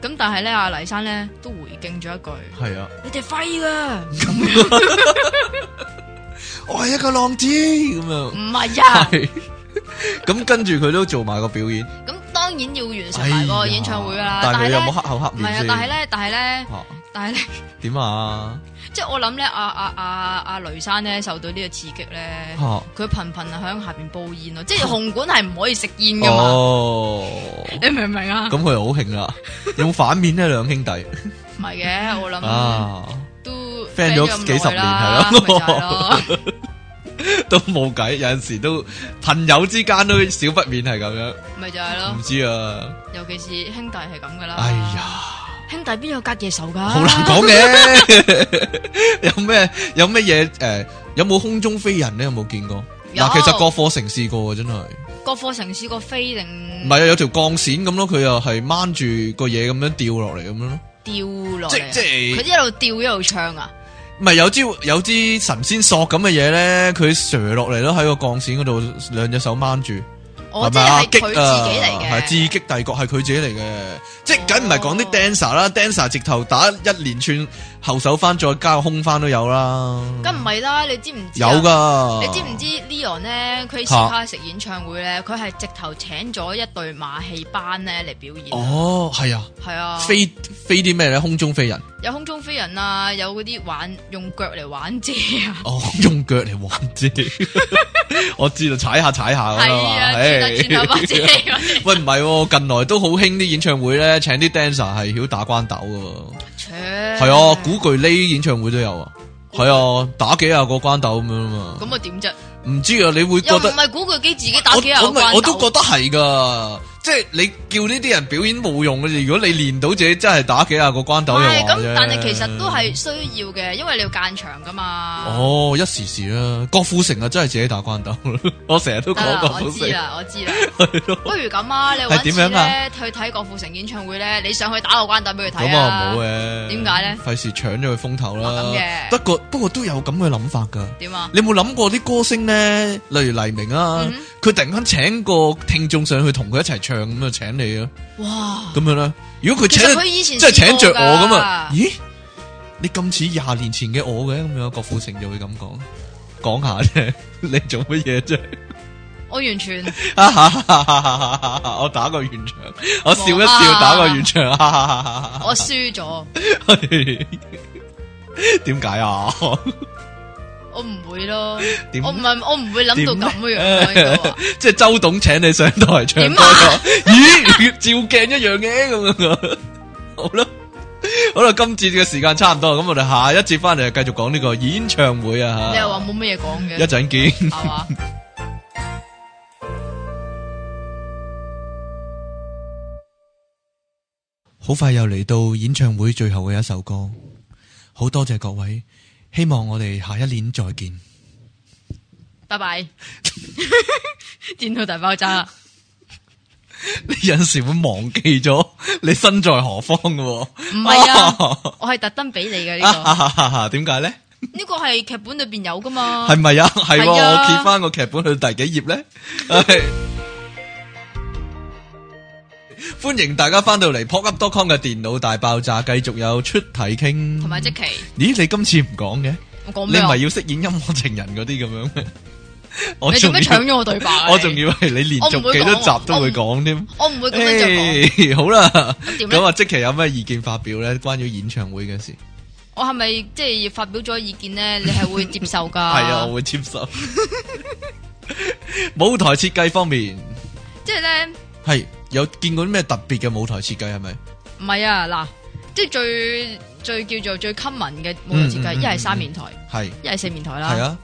咁但係咧阿黎生咧都回敬咗一句：，係啊，你哋廢啦！我係一個浪子咁樣，唔係啊！咁跟住佢都做埋個表演，咁當然要完成埋個演唱會啦。但係有冇黑口黑面先？係啊，但係咧，但係咧。但係咧，點啊？即係我諗咧，阿阿阿阿雷生咧受到呢個刺激咧，佢頻頻響下邊煲煙咯，即係紅館係唔可以食煙噶嘛？哦，你明唔明啊？咁佢又好興啦，有冇反面咧？兩兄弟唔係嘅，我諗都 friend 咗幾十年係咯，都冇計。有陣時都朋友之間都少不免係咁樣，咪就係咯。唔知啊，尤其是兄弟係咁噶啦。哎呀！兄弟邊有隔夜仇噶？好難講嘅 有咩有咩嘢？誒、呃，有冇空中飛人咧？有冇見過？嗱有，其實國貨城試過嘅，真係國貨城試過飛定唔係啊？有條鋼線咁咯，佢又係掹住個嘢咁樣掉落嚟咁樣咯，掉落。即即佢一路掉一路唱啊？唔係有支有支神仙索咁嘅嘢咧，佢斜落嚟咯，喺個鋼線嗰度，兩隻手掹住。我即係，啊、激啊！係自激帝國係佢自己嚟嘅，哦、即係梗唔係講啲 dancer 啦，dancer 直頭打一連串。後手翻再加個空翻都有啦，咁唔係啦，你知唔知？有噶，你知唔知 Leon 咧佢食開食演唱會咧，佢係直頭請咗一隊馬戲班咧嚟表演。哦，係啊，係啊，飛飛啲咩咧？空中飛人？有空中飛人啊，有嗰啲玩用腳嚟玩字啊。哦，用腳嚟玩字，我知道踩下踩下係啊，轉頭喂，唔係，近來都好興啲演唱會咧，請啲 dancer 係曉打關斗噶。係 啊，古巨呢演唱會都有啊，係具啊，打幾下個關斗咁樣啊嘛，咁啊點啫？唔知啊，你會覺得唔係古巨基自己打幾下關斗我我，我都覺得係噶。即係你叫呢啲人表演冇用嘅，如果你練到自己真係打幾下個關斗又咁，但係其實都係需要嘅，因為你要間場噶嘛。哦，一時時啦，郭富城啊，真係自己打關斗，我成日都講過。我知啦，我知啦。不如咁啊，你搵次咧，點樣啊？去睇郭富城演唱會咧，你上去打個關斗俾佢睇啦。咁啊唔好嘅。點解咧？費事搶咗佢風頭啦。不過不過都有咁嘅諗法噶。點啊？你有冇諗過啲歌星咧？例如黎明啊，佢突然間請個聽眾上去同佢一齊唱。咁就請你啊，哇！咁樣啦，如果佢請，即係請着我咁啊？咦，你咁似廿年前嘅我嘅，咁樣郭富城就會咁講，講下啫，你做乜嘢啫？我完全、 啊啊啊，我打個圓場，我笑一笑，啊、打個圓場，我輸咗，點解啊？啊啊啊 我唔會咯，我唔係我唔會諗到咁嘅樣即係，啊，周董請你上台唱歌，咦，照鏡一樣嘅咁樣。好啦，好啦，今次嘅時間差唔多啦，咁我哋下一節翻嚟繼續講呢個演唱會啊。嗯你啊。你又話冇乜嘢講嘅？一陣見。好好快又嚟到演唱會最後嘅一首歌，好多謝各位。希望我哋下一年再見 bye bye. 拜拜！電腦大爆炸。你有時會忘記咗你身在何方嘅。哦？唔係啊，我係特登俾你嘅呢個。點解咧？呢個係劇本裏邊有噶嘛？係咪啊？係我揭翻個劇本去第幾頁咧？歡迎大家翻到嚟，Pop Up Dot Com 嘅電腦大爆炸，繼續有出體 King，同埋積淇。咦，你今次唔講嘅，我講咩？你唔係要飾演音樂情人嗰啲咁樣咩？你做咩搶咗我對白？我仲以為你連續幾多集都會講添。我唔會咁樣。好啦，咁啊，積淇有咩意見發表咧？關於演唱會嘅事，我係咪即係發表咗意見咧？你係會接受噶？係啊，我會接受。舞台設計方面，即係咧，係。有見過啲咩特別嘅舞台設計係咪？唔係啊，嗱，即係最最叫做最 common 嘅舞台設計，一係三面台，係一係四面台啦。係啊，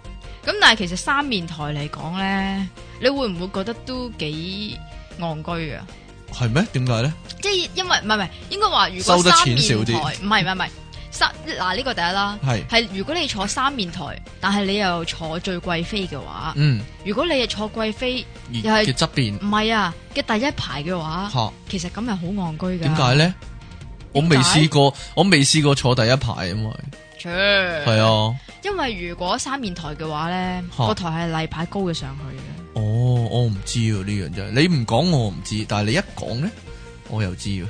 咁但係其實三面台嚟講咧，你會唔會覺得都幾戇居啊？係咩？點解咧？即係因為唔係唔係，應該話如果收得錢少啲，唔係唔係唔係。嗱呢個第一啦，係係如果你坐三面台，但係你又坐最貴妃嘅話，嗯，如果你係坐貴妃又係嘅側邊，唔係啊嘅第一排嘅話，其實咁係好戇居嘅。點解咧？我未試過，我未試過坐第一排，因為。切，係啊，因為如果三面台嘅話咧，個台係例牌高嘅上去嘅。哦，我唔知呢樣真係，你唔講我唔知，但係你一講咧，我又知嘅，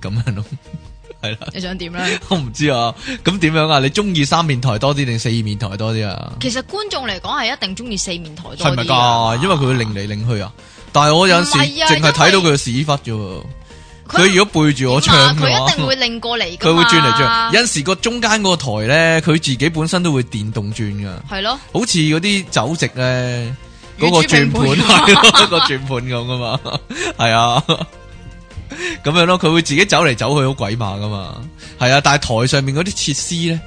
咁樣咯。係啦，你想點咧？我唔知啊。咁點樣啊？你中意三面台多啲定四面台多啲啊？其實觀眾嚟講係一定中意四面台多啲。係咪噶？因為佢會擰嚟擰去啊。但係我有陣時淨係睇到佢嘅屎忽啫。佢如果背住我唱嘅話，佢一定會擰過嚟。佢會轉嚟轉。有陣時個中間嗰個台咧，佢自己本身都會電動轉噶。係咯，好似嗰啲酒席咧，嗰個轉盤，個轉盤咁噶嘛。係啊。咁樣咯，佢會自己走嚟走去好鬼馬㗎嘛，係啊。但係台上面嗰啲設施咧，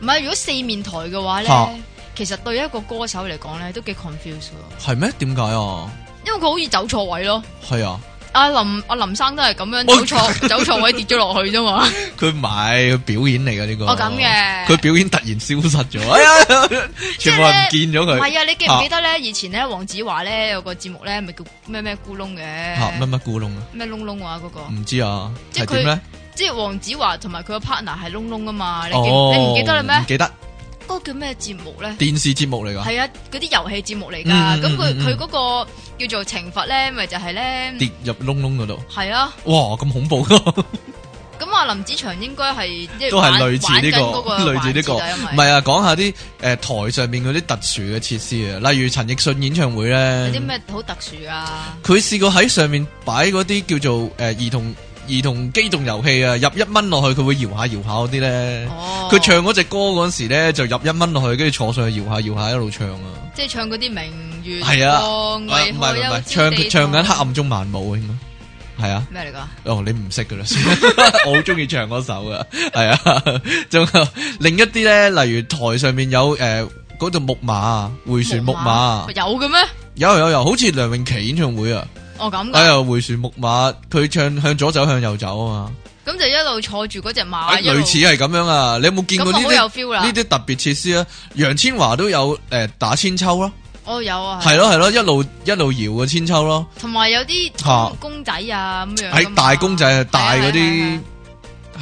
唔係，如果四面台嘅話咧，哈其實對一個歌手嚟講咧都幾 confused 咯。係咩？點解啊？因為佢好似走錯位咯。係啊。阿林阿林生都係咁樣走錯走錯位跌咗落去啫嘛，佢唔係表演嚟噶呢個，哦，咁嘅，佢表演突然消失咗，全部人見咗佢。係啊，你記唔記得咧？以前咧，黃子華咧有個節目咧，咪叫咩咩咕窿嘅，乜乜咕窿啊，咩窿窿啊嗰個，唔知啊，即係佢？咧？即係黃子華同埋佢個 partner 係窿窿㗎嘛，你記你唔記得啦咩？記得。嗰個叫咩節目咧？電視節目嚟噶，係啊，嗰啲遊戲節目嚟噶。咁佢佢嗰個叫做懲罰咧，咪就係咧跌入窿窿嗰度。係啊，哇，咁恐怖！咁啊，林子祥應該係都係類似呢、這個那個，類似呢、這個。唔係啊，講下啲誒、呃、台上面嗰啲特殊嘅設施啊，例如陳奕迅演唱會咧，有啲咩好特殊啊？佢試過喺上面擺嗰啲叫做誒、呃、兒童。兒童機動遊戲啊，入一蚊落去佢會搖下搖下嗰啲咧，佢唱嗰隻歌嗰時咧就入一蚊落去，跟住、oh、坐上去搖下搖下一路唱 parasite, 啊，即、哎、係、啊、唱嗰啲明月唔係唔係，唱唱緊黑暗中漫舞啊，應該係啊，咩嚟噶？哦，你唔識噶啦，我好中意唱嗰首啊。係啊，仲另一啲咧，例如台上面有誒嗰度木馬啊，回旋木馬，木馬有嘅咩？有有有，有有有好似梁詠琪演唱會啊。哦咁噶，哎呀！回旋木馬，佢唱向左走，向右走啊嘛！咁就一路坐住嗰隻馬，類似係咁樣啊！你有冇見過呢啲有 feel 啊呢啲特別設施啊？楊千嬅都有誒打千秋咯，哦有啊，係咯係咯，一路一路搖嘅千秋咯，同埋有啲公仔啊咁樣，係大公仔大嗰啲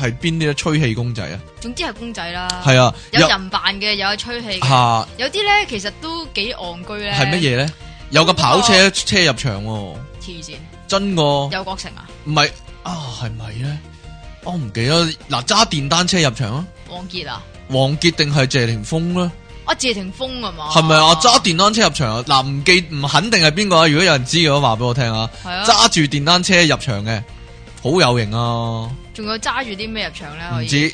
係邊啲吹氣公仔啊，總之係公仔啦，係啊，有人扮嘅，又有吹氣，吓有啲咧，其實都幾戇居咧，係乜嘢咧？有個跑車車入場。真個有郭城啊？唔係啊？係咪咧？我唔記得嗱，揸電單車入場啊！王傑啊？王傑定係謝霆鋒啊？啊，謝霆鋒啊嘛？係咪啊？揸電單車入場啊？嗱、啊，唔記唔肯定係邊個啊？如果有人知嘅話，話俾我聽啊！係啊！揸住電單車入場嘅，好有型啊！仲要揸住啲咩入場咧？唔知，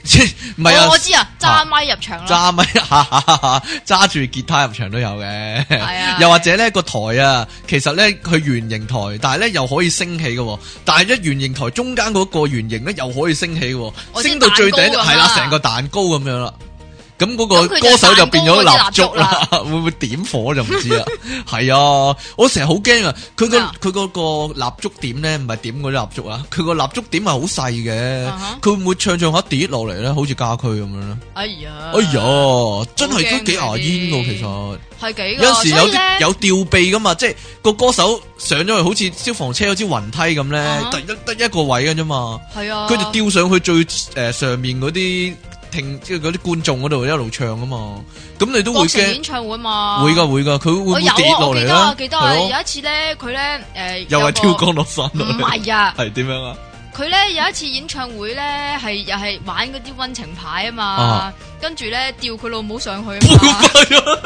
唔係啊、哦！我知啊，揸咪入場啦，揸咪麥，揸住吉他入場都有嘅。 係啊、係又或者咧個台啊，其實咧佢圓形台，但係咧又可以升起嘅。但係一圓形台中間嗰個圓形咧又可以升起嘅，升到最頂就係啦，成個蛋糕咁樣啦。咁嗰個歌手就變咗蠟燭啦，會唔會點火就唔知啦。係啊，我成日好驚啊。佢個佢嗰個蠟燭點咧，唔係點嗰啲蠟燭啊。佢個蠟燭點係好細嘅，佢會唔會唱唱下跌落嚟咧？好似家駒咁樣咧。哎呀，哎呀，真係都幾牙煙噶其實。係幾？有時有啲有吊臂噶嘛，即係個歌手上咗去，好似消防車有支雲梯咁咧，得得一個位噶啫嘛。係啊。佢就吊上去最誒上面嗰啲。即係嗰啲觀眾嗰度一路唱啊嘛，咁你都會嘅演唱會嘛，會噶會噶，佢會跌落嚟啦。我記得我記得啊，有一次咧，佢咧誒又係跳降落傘，唔係啊，係點樣啊？佢咧有一次演唱會咧，係又係玩嗰啲溫情牌啊嘛，跟住咧吊佢老母上去好啊嘛。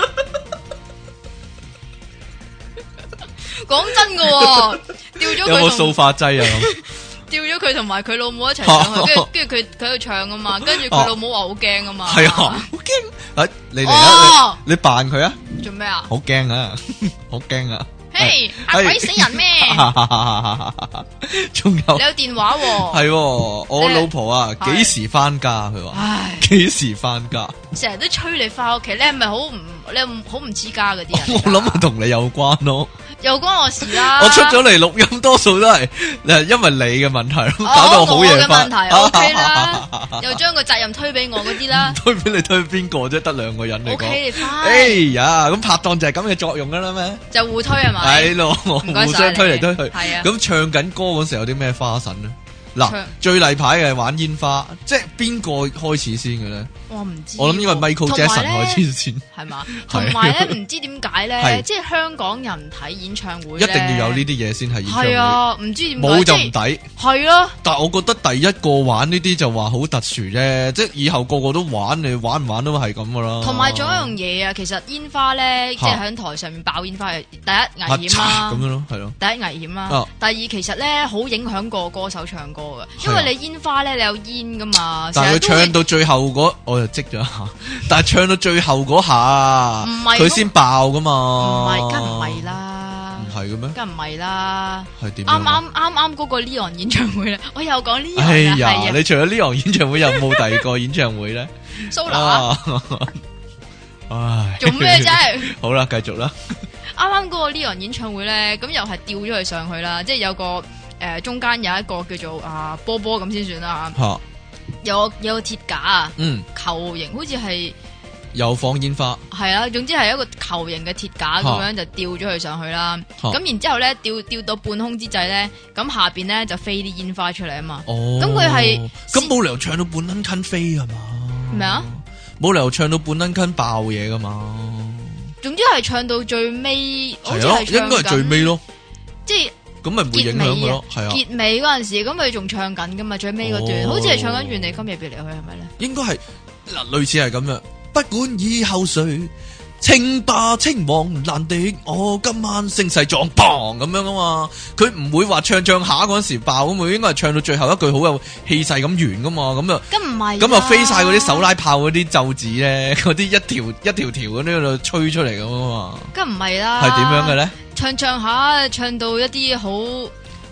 講真噶，吊咗有冇塑化劑啊？吊咗佢同埋佢老母一齊上去，跟住跟住佢佢度唱啊嘛，跟住佢老母話好驚啊嘛。係啊，好驚，你你你你扮佢啊，做咩啊？好驚啊，好驚啊！嘿，嚇鬼死人咩？仲有你有電話喎。係，我老婆啊，幾時翻家？佢話，唉，幾時翻家？成日都催你翻屋企，你係咪好唔你好唔知家嗰啲人？我諗啊，同你有關咯。又關我事啦！ 我出咗嚟錄音，多數都係誒，因為你嘅問題，哦、搞到我好嘢化，又將個責任推俾我嗰啲啦。推俾你推邊個啫？得兩個人嚟講。OK, 哎呀，咁拍檔就係咁嘅作用噶啦咩？就互推係嘛？係咯 吧，互 相推嚟推去。係啊，咁唱緊歌嗰陣有啲咩花神咧？嗱，最例牌嘅玩煙花，即係邊個開始先嘅咧？我唔知，我諗因為 Michael Jackson 係嘛？同埋咧，唔知點解咧？即係香港人睇演唱會一定要有呢啲嘢先係演唱會。係啊，唔知點冇就唔抵。係咯。但係我覺得第一個玩呢啲就話好特殊啫，即係以後個個都玩，你玩唔玩都係咁噶啦。同埋仲有一樣嘢啊，其實煙花咧，即係響台上面爆煙花係第一危險啊，咁樣咯，係咯。第一危險啦。第二其實咧，好影響個歌手唱歌。因為你煙花咧，你有煙噶嘛？但係佢唱到最後嗰，我就積咗下。但係唱到最後嗰下，唔係佢先爆噶嘛？唔係，梗唔係啦。唔係嘅咩？梗唔係啦。係點？啱啱啱啱嗰個 Leon 演唱會咧，我又講 Leon。係呀，你除咗 Leon 演唱會，有冇第二個演唱會咧？蘇打。唉，做咩啫？好啦，繼續啦。啱啱嗰個 Leon 演唱會咧，咁又係掉咗佢上去啦，即係有個。誒，中間有一個叫做啊波波咁先算啦，吓，有有個鐵架啊，嗯，球形好似係又放煙花，係啊，總之係一個球形嘅鐵架咁樣就吊咗佢上去啦，咁然之後咧，吊吊到半空之際咧，咁下邊咧就飛啲煙花出嚟啊嘛，哦，咁佢係咁冇理由唱到半撚坑飛噶嘛，咩啊？冇理由唱到半撚坑爆嘢噶嘛？總之係唱到最尾，係咯，應該係最尾咯，即係。咁咪唔會影響咯，係啊！結尾嗰陣時，咁佢仲唱緊噶嘛，最尾嗰段，哦、好似係唱緊《願你今日別離去》，係咪咧？應該係嗱，類似係咁樣，不管以後誰。清霸清王難敵，我今晚聲勢壯磅咁樣啊嘛！佢唔會話唱唱下嗰陣時爆，咁會應該係唱到最後一句好有氣勢咁完噶嘛？咁啊咁啊飛晒嗰啲手拉炮嗰啲袖紙咧，嗰啲一條一條條咁喺度吹出嚟咁啊嘛！咁唔係啦，係點樣嘅咧？唱唱下唱到一啲好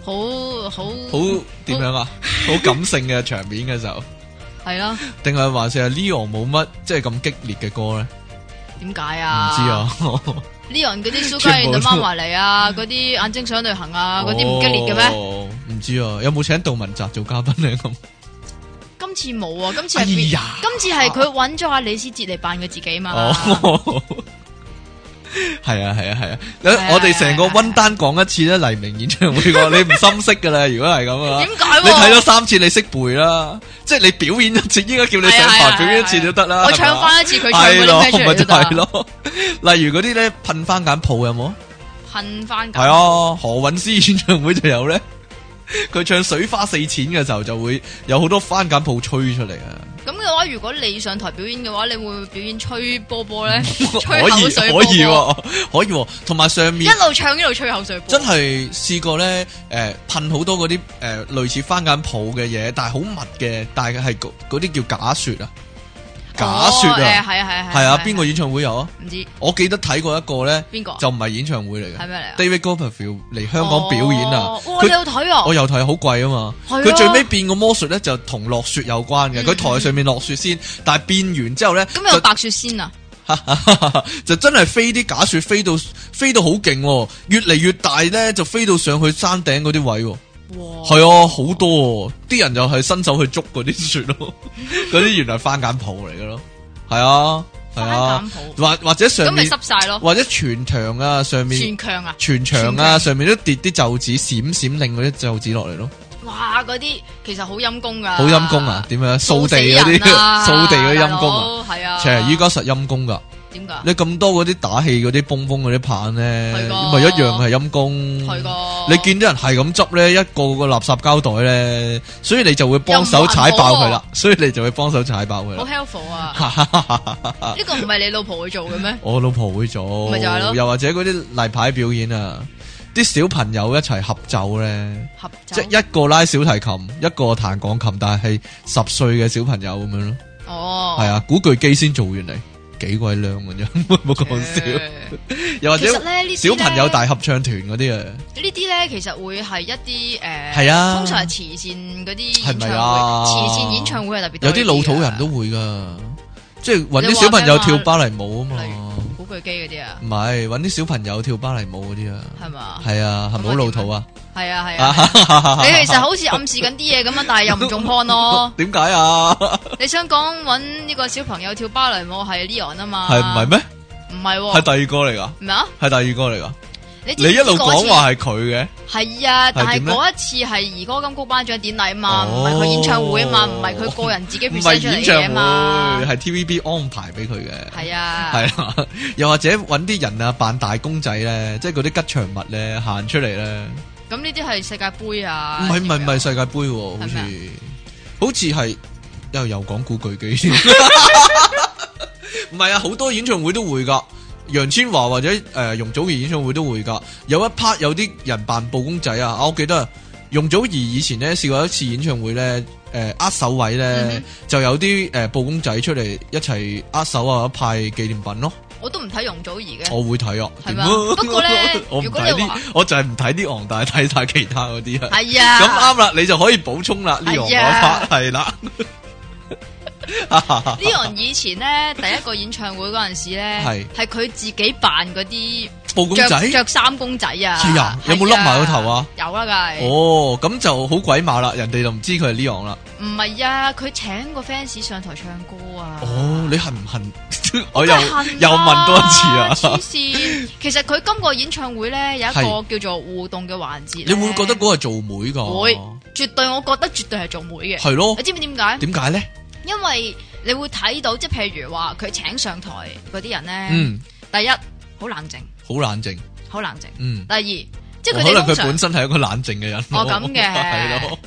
好好好點樣啊？好 感性嘅場面嘅時候、 啊、就係咯，定係話實係 Leon 冇乜即係咁激烈嘅歌咧？點解啊？唔知啊，Leon 嗰啲蘇嘉全同 Mon 華嚟啊，嗰啲眼睛想旅行啊，嗰啲唔激烈嘅咩？唔、哦、知啊，有冇請杜汶澤做嘉賓咧咁？ 今次冇啊，今次係、哎、呀今次係佢揾咗阿李思捷嚟扮佢自己嘛？哦 係啊係啊係啊，我哋成個温丹講一次咧，黎明演唱會，你唔深識噶啦。如果係咁啊，點解 你睇咗三次你識背啦，即係你表演一次應該叫你上台表演一次都得啦。我唱翻一次佢唱嗰啲咩係咯，例如嗰啲咧，噴番鹼泡有冇？噴番係啊，何韻詩演唱會就有咧。佢唱水花四濺嘅時候就會有好多番鹼泡吹出嚟啊。嘅話，如果你上台表演嘅話，你會唔會表演吹波波咧？ 吹口水波？可以、啊、可以可、啊、以，同埋上面一路唱一路吹口水波。真係試過咧，誒噴好多嗰啲誒類似翻眼泡嘅嘢，但係好密嘅，但係係嗰啲叫假雪啊。假雪啊，係啊係，啊係啊，邊個演唱會有啊？唔知，我記得睇過一個咧，邊個就唔係演唱會嚟嘅，係咩嚟啊？David Copperfield 嚟香港表演啊，我有睇啊，我有睇，好貴啊嘛，佢最尾變個魔術咧就同落雪有關嘅，佢台上面落雪先，但係變完之後咧，咁有白雪先啊，就真係飛啲假雪飛到飛到好勁，越嚟越大咧就飛到上去山頂嗰啲位。係啊，好多啲人就係伸手去捉嗰啲雪咯，嗰啲原來翻間鋪嚟噶咯，係啊係啊，或或者上面濕晒咯，或者全牆啊，上面全牆啊，上面都跌啲袖子閃閃令嗰啲袖子落嚟咯，哇，嗰啲其實好陰功噶，好陰功啊，點樣掃地嗰啲掃地嗰啲陰功啊，係啊，其實依家實陰功噶。你咁多嗰啲打氣嗰啲風風嗰啲棒咧，咪的一樣係陰功。係的你見到人係咁執咧，一個一個，一個垃圾膠袋咧，所以你就會幫手踩爆佢啦。啊、所以你就會幫手踩爆佢。好 helpful 啊！呢 個唔係你老婆會做嘅咩？我老婆會做，咪就係囉，又或者嗰啲例牌表演啊，啲小朋友一齊合奏咧，奏即一個拉小提琴，一個彈鋼琴，但係十歲嘅小朋友咁樣咯。哦、oh，係啊，古巨基先做完嚟。幾鬼靚咁樣，冇講笑。又 或者，實咧呢小朋友大合唱團嗰啲啊，呢啲咧其實會係一啲誒，係、呃、啊，通常係慈善嗰啲演唱會，係咪啊？慈善演唱會係特別、啊、有啲老土人都會噶，即係搵啲小朋友跳芭蕾舞啊嘛，古巨基嗰啲啊，唔係搵啲小朋友跳芭蕾舞嗰啲啊，係嘛吧，係啊，係咪好老土啊？係啊係啊，你其實好似暗示緊啲嘢，咁啊，但係又唔中 point 咯。點解啊？你想講揾呢個小朋友跳芭蕾舞係 Leon 啊嘛？係唔係咩？唔係，係第二個嚟噶。咩啊？係第二個嚟噶。你一路講話係佢嘅。係啊，但係嗰一次係兒歌金曲頒獎典禮啊嘛，唔係佢演唱會啊嘛，唔係佢個人自己 present 出嚟嘅嘢嘛，係 TVB 安排俾佢嘅。係啊。係啦，又或者揾啲人啊扮大公仔咧，即係嗰啲吉祥物咧行出嚟咧。咁呢啲係世界杯啊？唔係，唔係，唔係世界杯，好似好似係又又講古巨基，唔係啊！好多演唱會都會噶，楊千嬅或者誒、呃、容祖兒演唱會都會噶。有一 part 有啲人扮布公仔啊！我記得、啊、容祖兒以前咧試過一次演唱會咧，誒、呃、握手位咧、mm hmm. 就有啲誒布公仔出嚟一齊握手啊！一派紀念品咯。我都唔睇容祖兒嘅，我會睇啊，係嘛嗎？嗎不過咧， 我唔睇我就係唔睇啲昂大，睇晒其他嗰啲啊。係 啊、 哎呀，咁啱啦，你就可以補充啦。呢樣嘢法係啦，呢樣以前咧，第一個演唱會嗰陣時咧，係係佢自己辦嗰啲。着着三公仔啊！啊有冇笠埋個頭啊？啊有啦、啊，梗、就、哦、是，咁、oh, 就好鬼馬啦！人哋就唔知佢係呢樣啦。唔係啊，佢請個 fans 上台唱歌啊！哦，oh, 你恨唔恨？ 我又我、啊、又問多一次啊！黐線！ 其實佢今個演唱會咧有一個叫做互動嘅環節。你會覺得嗰個係做妹噶？會，絕對！我覺得絕對係做妹嘅。係咯的，你知唔知點解？點解咧？因為你會睇到，即係譬如話佢請上台嗰啲人咧，嗯、第一好冷靜。好冷靜，好冷靜。嗯，第二，即係佢哋通常可能佢本身係一個冷靜嘅人。哦，咁嘅，係咯。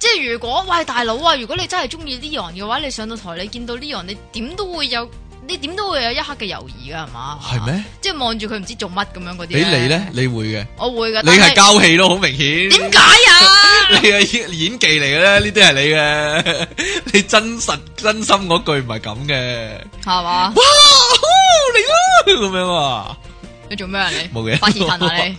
即係如果，喂，大佬啊，如果你真係中意 Leon 嘅話，你上到台，你見到 Leon，你點都會有，你點都會有一刻嘅猶豫噶，係嘛？係咩？即係望住佢唔知做乜咁樣嗰啲。你嚟咧，你會嘅，我會嘅。你係交戲咯，好明顯。點解啊？你係演演技嚟嘅咧，呢啲係你嘅。你真實真心嗰句唔係咁嘅，係嘛？哇，嚟啦，咁樣啊！你做咩啊你？發洩下你？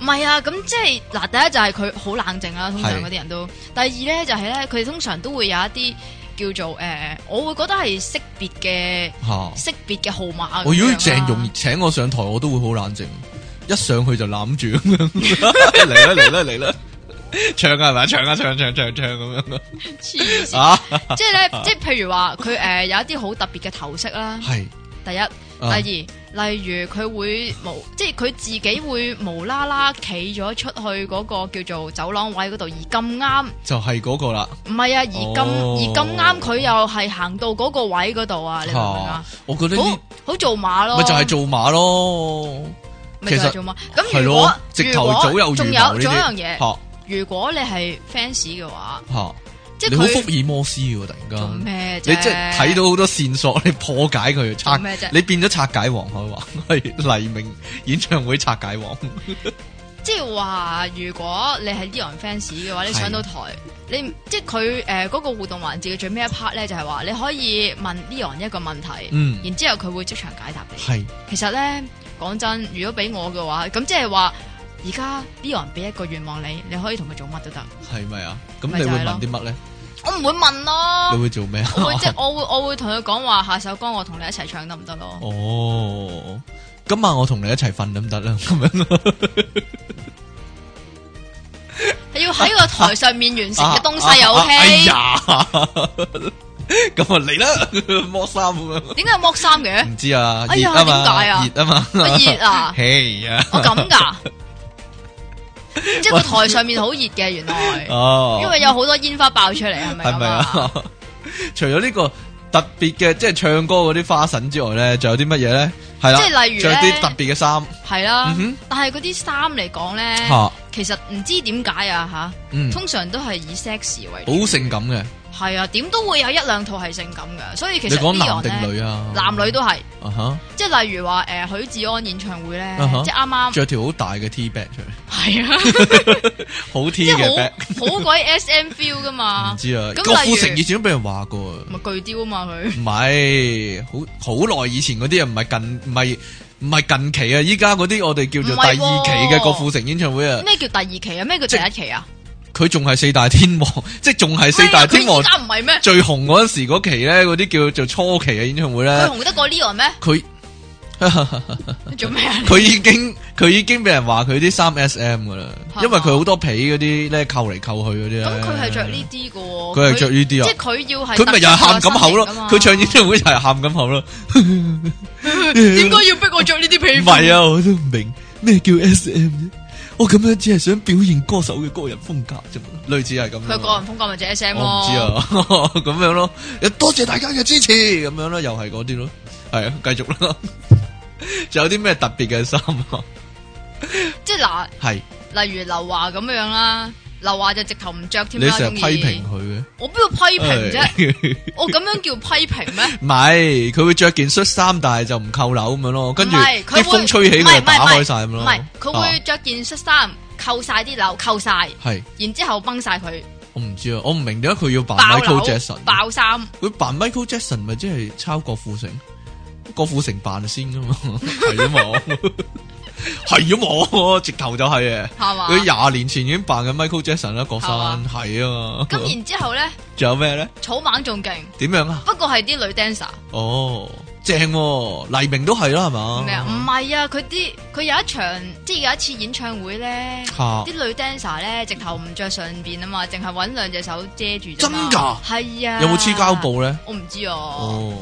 唔係啊，咁即係嗱，第一就係佢好冷靜啦，通常嗰啲人都。第二咧就係咧，佢哋通常都會有一啲叫做誒，我會覺得係識別嘅識別嘅號碼。如果鄭容請我上台，我都會好冷靜，一上去就攬住咁樣，嚟啦，嚟啦，嚟啦，唱啊係咪？唱啊唱唱唱唱咁樣啊！即係咧，即係譬如話佢誒有一啲好特別嘅頭飾啦。係第一，第二。例如佢會無即係佢自己會無啦啦企咗出去嗰個叫做走廊位嗰度，而咁啱就係嗰個啦。唔係啊，而咁、哦、而咁啱佢又係行到嗰個位嗰度啊！你明唔明啊？我覺得好好做馬咯。咪就係做馬咯。咪就係做馬咁實如果，咯如果直頭早有仲有，有一樣嘢、啊，如果你係 fans 嘅話。嚇、啊！即係你好福爾摩斯喎、啊，突然間你即係睇到好多線索，你破解佢拆，你變咗拆解王開華，係 黎明演唱會拆解王。 即係話如果你係 Leon fans 嘅話，你上到台，是你即係佢誒嗰個互動環節嘅最尾一 part 咧，就係、是、話你可以問 Leon 一個問題，嗯、然之後佢會即場解答你。係是，其實咧，講真，如果俾我嘅話，咁即係話。而家啲人俾一個願望你，你可以同佢做乜都得。係咪啊？咁你會問啲乜咧？我唔會問咯。你會做咩啊？我即係我會我會同佢講話，下首歌我同你一齊唱得唔得咯？哦，今晚我同你一齊瞓得唔得啦？咁樣係要喺個台上面完成嘅東西有戲。咁啊嚟啦，剝衫咁樣。點解剝衫嘅？唔知啊。哎呀，點解啊？熱啊嘛，乜熱啊？哎啊！我咁噶。即係個台上面好熱嘅，原來 哦，因為有好多煙花爆出嚟，係咪 啊？ 除咗呢個特別嘅，即係唱歌嗰啲花神之外咧，仲有啲乜嘢咧？係啦，即係例如着啲特別嘅衫係啦，啊 mm hmm. 但係嗰啲衫嚟講咧，其實唔知點解啊吓，啊嗯、通常都係以 sexy 為好性感嘅。係啊，點都會有一兩套係性感噶，所以其實講男定女啊，男女都係，即係例如話誒許志安演唱會咧，即係啱啱着條好大嘅 T back 出嚟，係啊，好 T 嘅 back，好鬼 S M feel 噶嘛，唔知啊。郭富城以前都俾人話過，咪巨雕啊嘛佢，唔係，好好耐以前嗰啲啊，唔係近，唔係唔係近期啊，依家嗰啲我哋叫做第二期嘅郭富城演唱會啊。咩叫第二期啊？咩叫第一期啊？佢仲係四大天王，即係仲係四大天王、啊。而家唔係咩？最紅嗰陣時嗰期咧，嗰啲叫做初期嘅演唱會咧。佢紅得過 Leon 咩？佢他 做咩、啊？佢已經佢已經俾人話佢啲衫 SM 噶啦，啊、因為佢好多皮嗰啲咧，扣嚟扣去嗰啲。咁佢係着呢啲噶喎，佢係着呢啲啊。即係佢要係佢咪又係喊咁口咯？佢唱演唱會就係喊咁口咯。點 解 要逼我着呢啲皮？唔係啊，我都唔明咩叫 SM。我咁、哦、樣只係想表現歌手嘅個人風格啫，類似係咁樣。佢個人風格咪就 S M 咯。唔知啊，咁樣咯。多謝大家嘅支持，咁樣咯，又係嗰啲咯，係 啊，繼續啦。仲有啲咩特別嘅衫啊？即係嗱，係例如劉華咁樣啦。劉華就直頭唔着添啦，你成日批評佢嘅？我邊度批評啫？我咁樣叫批評咩？唔係，佢會着件恤衫，但係就唔扣鈕咁樣咯，跟住啲風吹起佢就打開晒咁咯。唔係，佢會着件恤衫扣晒啲鈕，扣晒，係，然之後崩晒佢。我唔知啊，我唔明點解佢要扮 Michael Jackson，爆衫。佢扮 Michael Jackson 咪即係抄郭富城？郭富城扮先噶嘛？係啊嘛。係咁，我 直頭就係啊，佢廿吧年前已經扮嘅 Michael Jackson 啦，國山係吧是啊嘛。咁 然之後咧，仲 有咩咧？草蜢仲勁，點樣啊？不過係啲女 dancer 哦，正、啊、黎明都係啦，係嘛？咩啊？唔係啊，佢啲佢有一場即係有一次演唱會咧，啲、啊、女 dancer 咧直頭唔着上邊啊嘛，淨係揾兩隻手遮住。真噶？係啊。有冇黐膠布咧？我唔知啊。哦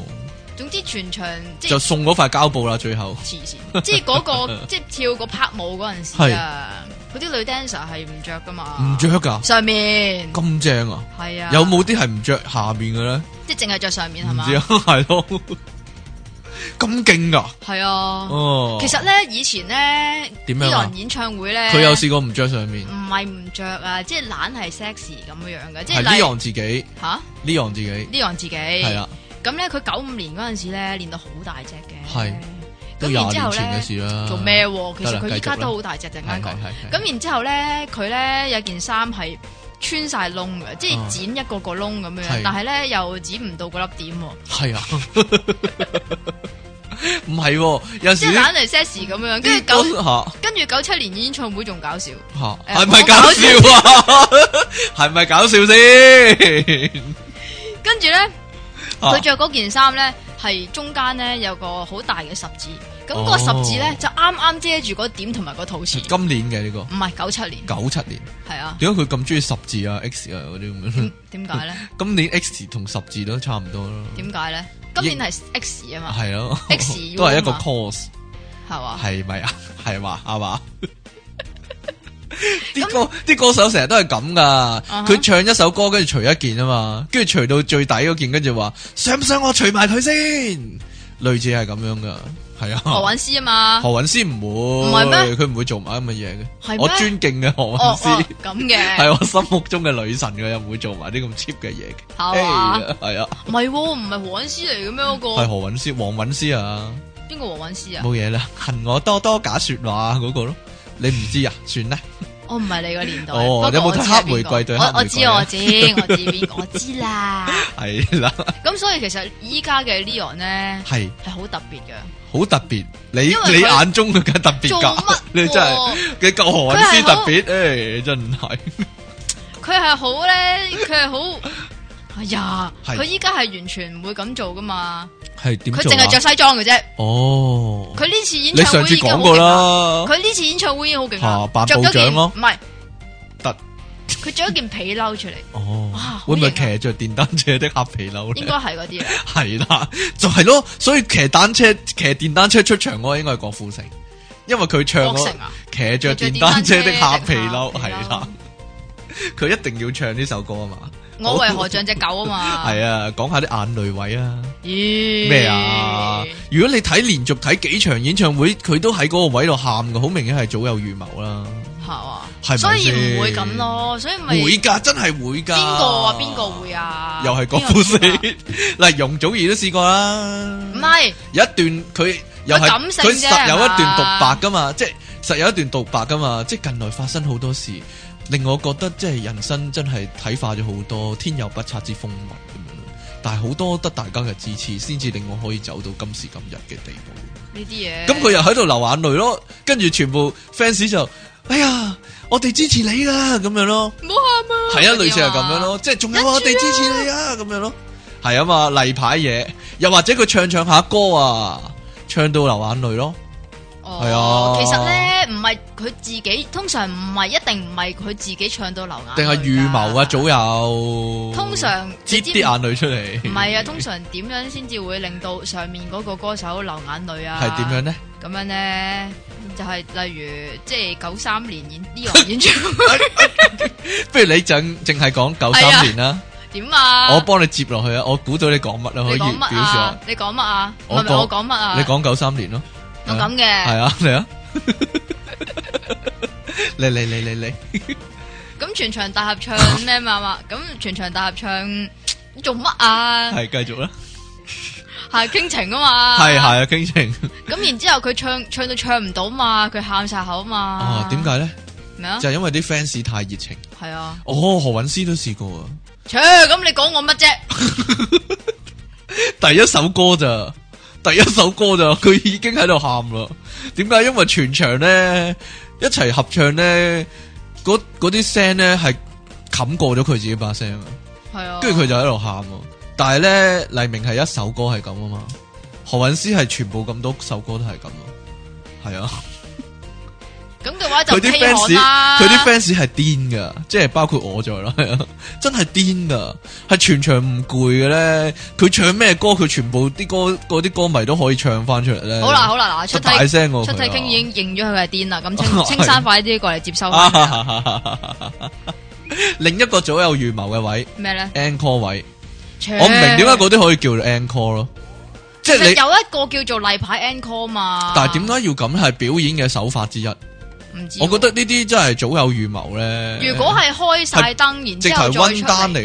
總之全場即係就送嗰塊膠布啦，最後黐線，即係嗰個即係跳個 part 舞嗰陣時啊，嗰啲女 dancer 係唔着㗎嘛？唔着㗎，上面咁正啊！係啊，有冇啲係唔着下面嘅咧？即係淨係着上面係嘛？唔知係咯，咁勁㗎？係啊，其實咧以前咧，啲人演唱會咧，佢有試過唔着上面，唔係唔着啊，即係懶係 sexy 咁樣樣嘅，即係呢樣自己吓，呢樣自己，呢樣自己係啊。咁咧，佢九五年嗰陣時咧，練到好大隻嘅。係。咁然之後咧，做咩？其實佢依家都好大隻陣間講。咁然之後咧，佢咧有件衫係穿晒窿嘅，即係剪一個個窿咁樣。但係咧又剪唔到嗰粒點。係啊。唔係，有時。即係懶嚟 sexy 咁樣，跟住九，跟住九七年演唱會仲搞笑。吓，係咪搞笑啊？係咪搞笑先？跟住咧。佢着嗰件衫咧，係、啊、中間咧有個好大嘅十字，咁、個十字咧、哦、就啱啱遮住嗰點同埋個肚臍。今年嘅呢、個唔係九七年，九七年係啊？點解佢咁中意十字啊？X 啊嗰啲咁點解咧？今年 X 同十字都差唔多咯。點解咧？今年係 X 啊嘛。係咯、啊、X 都係一個 cause 係嘛？係咪啊？係嘛？啊嘛？啲歌啲歌手成日都係咁噶，佢唱一首歌跟住除一件啊嘛，跟住除到最底嗰件，跟住話想唔想我除埋佢先，類似係咁樣噶，係啊。何韻詩啊嘛，何韻詩唔會唔係咩，佢唔會做埋咁嘅嘢嘅，係咩？我尊敬嘅何韻詩咁嘅，係我心目中嘅女神，佢又唔會做埋啲咁 cheap 嘅嘢嘅，係嘛？係啊，唔係唔係何韻詩嚟嘅咩？嗰個係何韻詩，黃韻詩啊，邊個黃韻詩啊？冇嘢啦，恨我多多假說話嗰個咯。你唔知啊？算啦，我唔係你個年代，有冇黑玫瑰對我，我知我知我知我知啦，係啦。咁所以其實依家嘅 Leon 咧係係好特別嘅，好特別。你你眼中佢嘅特別噶，你真係佢夠寒，先特別誒，真係。佢係好咧，佢係好。哎呀，佢依家係完全唔會咁做噶嘛，係點？佢淨係着西裝嘅啫。哦，佢呢次演唱會已經好勁啦。佢呢次演唱會已經好勁啦，着咗件唔係得。佢着一件皮褸出嚟，哦，會唔會騎着電單車的黑皮褸？應該係嗰啲啊，係啦，就係咯。所以騎單車、騎電單車出場嗰個應該係郭富城，因為佢唱。騎着電單車的黑皮褸係啦，佢一定要唱呢首歌啊嘛。我為何像隻狗啊嘛？係 啊，講下啲眼淚位啊。咦、欸？咩啊？如果你睇連續睇幾場演唱會，佢都喺嗰個位度喊噶，好明顯係早有預謀啦。吓吧？嘛？係，所以唔會咁咯，所以唔係會噶，真係會噶。邊個啊？邊個會啊？又係郭富城。嗱， 容祖兒都試過啦。唔係是有一段佢有係佢實有一段獨白噶嘛？即係實有一段獨白噶嘛？即係近來發生好多事。令我覺得即係人生真係睇化咗好多，天有不測之風雲，咁樣。但係好多得大家嘅支持，先至令我可以走到今時今日嘅地步。呢啲嘢，咁佢又喺度流眼淚咯，跟住全部 fans 就，哎呀，我哋支持你啦，咁樣咯，冇喊嘛，係啊，類似係咁樣咯，即係仲有我哋支持你啊，咁樣咯，係啊嘛，例牌嘢，又或者佢唱唱下歌啊，唱到流眼淚咯。哦，係啊，其實咧唔係佢自己，通常唔係一定唔係佢自己唱到流眼，定係預謀啊？早有通常接啲眼淚出嚟，唔係啊？通常點樣先至會令到上面嗰個歌手流眼淚啊？係點樣呢？咁樣呢，就係例如即係九三年演呢個演唱會。不如你就淨係講九三年啦。點啊？我幫你接落去啊！我估到你講乜啦？可以表示你講乜啊？係咪我講乜啊？你講九三年咯。咁嘅係啊嚟啊嚟嚟嚟嚟，咁全場大合唱咩嘛嘛，咁全場大合唱做乜啊？係繼續啦 、啊，係傾情啊嘛， 係係啊傾情。咁然之後佢唱唱都唱唔到嘛，佢喊晒口嘛。啊，點解咧？咩 啊？就因為啲 fans 太熱情。係啊、 嗯。哦，何韻詩都試過啊。切，咁你講我乜啫？第一首歌咋？第一首歌就佢已經喺度喊啦，點解？因為全場咧一齊合唱咧，嗰啲聲咧係冚過咗佢自己把聲啊，係啊，跟住佢就喺度喊啊，但係咧黎明係一首歌係咁啊嘛，何韻詩係全部咁多首歌都係咁啊，係啊。咁嘅話就佢啲 fans，佢啲 fans 係癲噶，即係包括我在內， 真係癲噶，係全場唔攰嘅咧。佢唱咩歌，佢全部啲歌啲歌迷都可以唱翻出嚟咧。好啦好啦，嗱、啊、出聲題，他 出體 King 已經認咗佢係癲啦。咁對青山快啲過嚟接收。 另一個早有預謀嘅位咩咧？encore 位，我唔明點解嗰啲可以叫做 encore 咯。其實有一個叫做例牌 encore 嘛。但係點解要咁係表演嘅手法之一？我覺得呢啲真係早有預謀咧。如果係開晒燈，然之後再出嚟。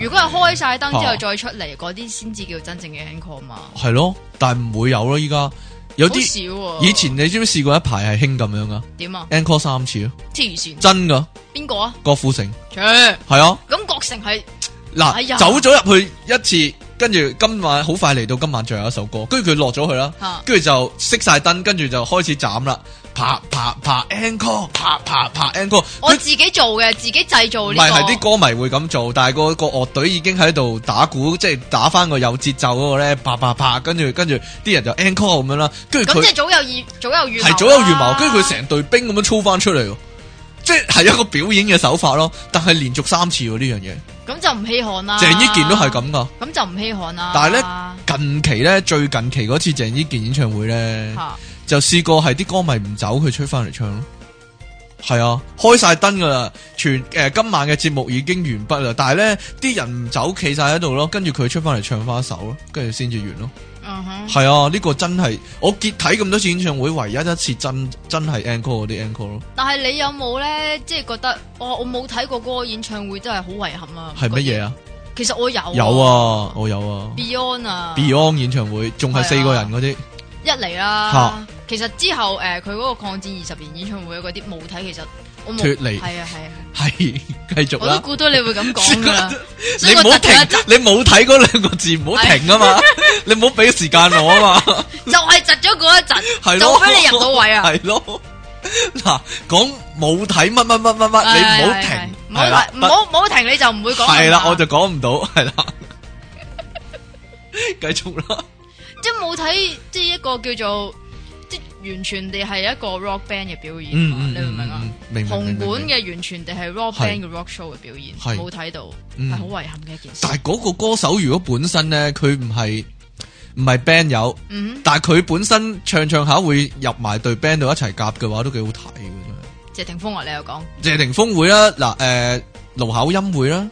如果係開晒燈之後再出嚟，嗰啲先至叫真正嘅 encore 嘛。係咯，但係唔會有咯。依家有啲少。以前你知唔知試過一排係興咁樣噶點啊？encore 三次啊？黐線！真噶？邊個啊？郭富城。切。係啊。咁郭城係嗱走咗入去一次，跟住今晚好快嚟到今晚最後一首歌，跟住佢落咗去啦，跟住就熄晒燈，跟住就開始斬啦。拍拍拍 encore 拍拍拍 encore 我自己做嘅，自己製造呢個。唔係，係 啲樂歌迷會咁做，但係個個樂隊已經喺度打鼓，即係打翻個有節奏嗰個咧，啪啪啪，跟住跟住啲人就 encore 咁樣啦。跟住咁即係早有預，早有預係早有預謀，啊，跟住佢成隊兵咁樣操翻出嚟，即係係一個表演嘅手法咯。但係連續三次呢樣嘢，咁 就唔稀罕啦。鄭伊健都係咁噶，咁 就唔稀罕啦。但係咧，近期咧，最近期嗰次鄭伊健演唱會咧。啊就試過係啲歌迷唔走，佢出翻嚟唱咯。係啊，開晒燈噶啦，全誒、呃、今晚嘅節目已經完畢啦。但係咧，啲人唔走，企晒喺度咯。跟住佢出翻嚟唱翻一首咯，跟住先至完咯。嗯哼，係啊，呢、這個真係我結睇咁多次演唱會，唯一一次真真係 encore 嗰啲 encore 咯。但係你有冇咧？即、就、係、是、覺得，哦，我冇睇過嗰個演唱會，真係好遺憾啊！係乜嘢啊？其實我有啊有啊，我有啊，Beyond 啊，Beyond 演唱會仲係四個人嗰啲、啊、一嚟啦、啊。 其實之後誒，佢嗰個抗戰二十年演唱會嗰啲冇睇，其實我冇脫離係啊係啊係，繼續啦。我都估到你會咁講噶啦，你唔好停，你冇睇嗰兩個字，唔好停啊嘛，你冇俾時間我啊嘛，就係窒咗嗰一陣，就俾你入到位啊，係咯。嗱，講冇睇乜乜乜乜乜，你唔好停，唔好唔好停，你就唔會講。係啦，我就講唔到，係啦，繼續啦。即係冇睇，即係一個叫做。完全地係一個 rock band 嘅表演，嗯、你明唔明啊白？紅館嘅完全地係 rock band 嘅 rock show 嘅表演，冇睇是到係好遺憾嘅一件事。但係嗰個歌手如果本身咧，佢唔係唔係 band 友，嗯、哼但係佢本身唱唱下會入埋對 band 度一齊夾嘅話，都幾好睇嘅真係。謝霆鋒啊，你又講？謝霆鋒會啦、啊，嗱誒。呃盧巧音會啦，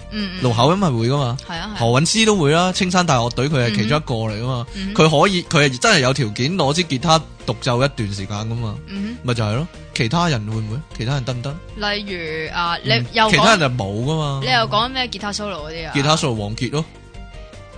盧巧音咁係會噶嘛？係啊，何韻詩都會啦，青山大學隊佢係其中一個嚟噶嘛？佢可以，佢係真係有條件攞支吉他獨奏一段時間噶嘛？咪就係咯，其他人會唔會？其他人得唔得？例如啊，你其他人就冇噶嘛？你又講咩吉他 solo 嗰啲啊？吉他 solo 王傑咯，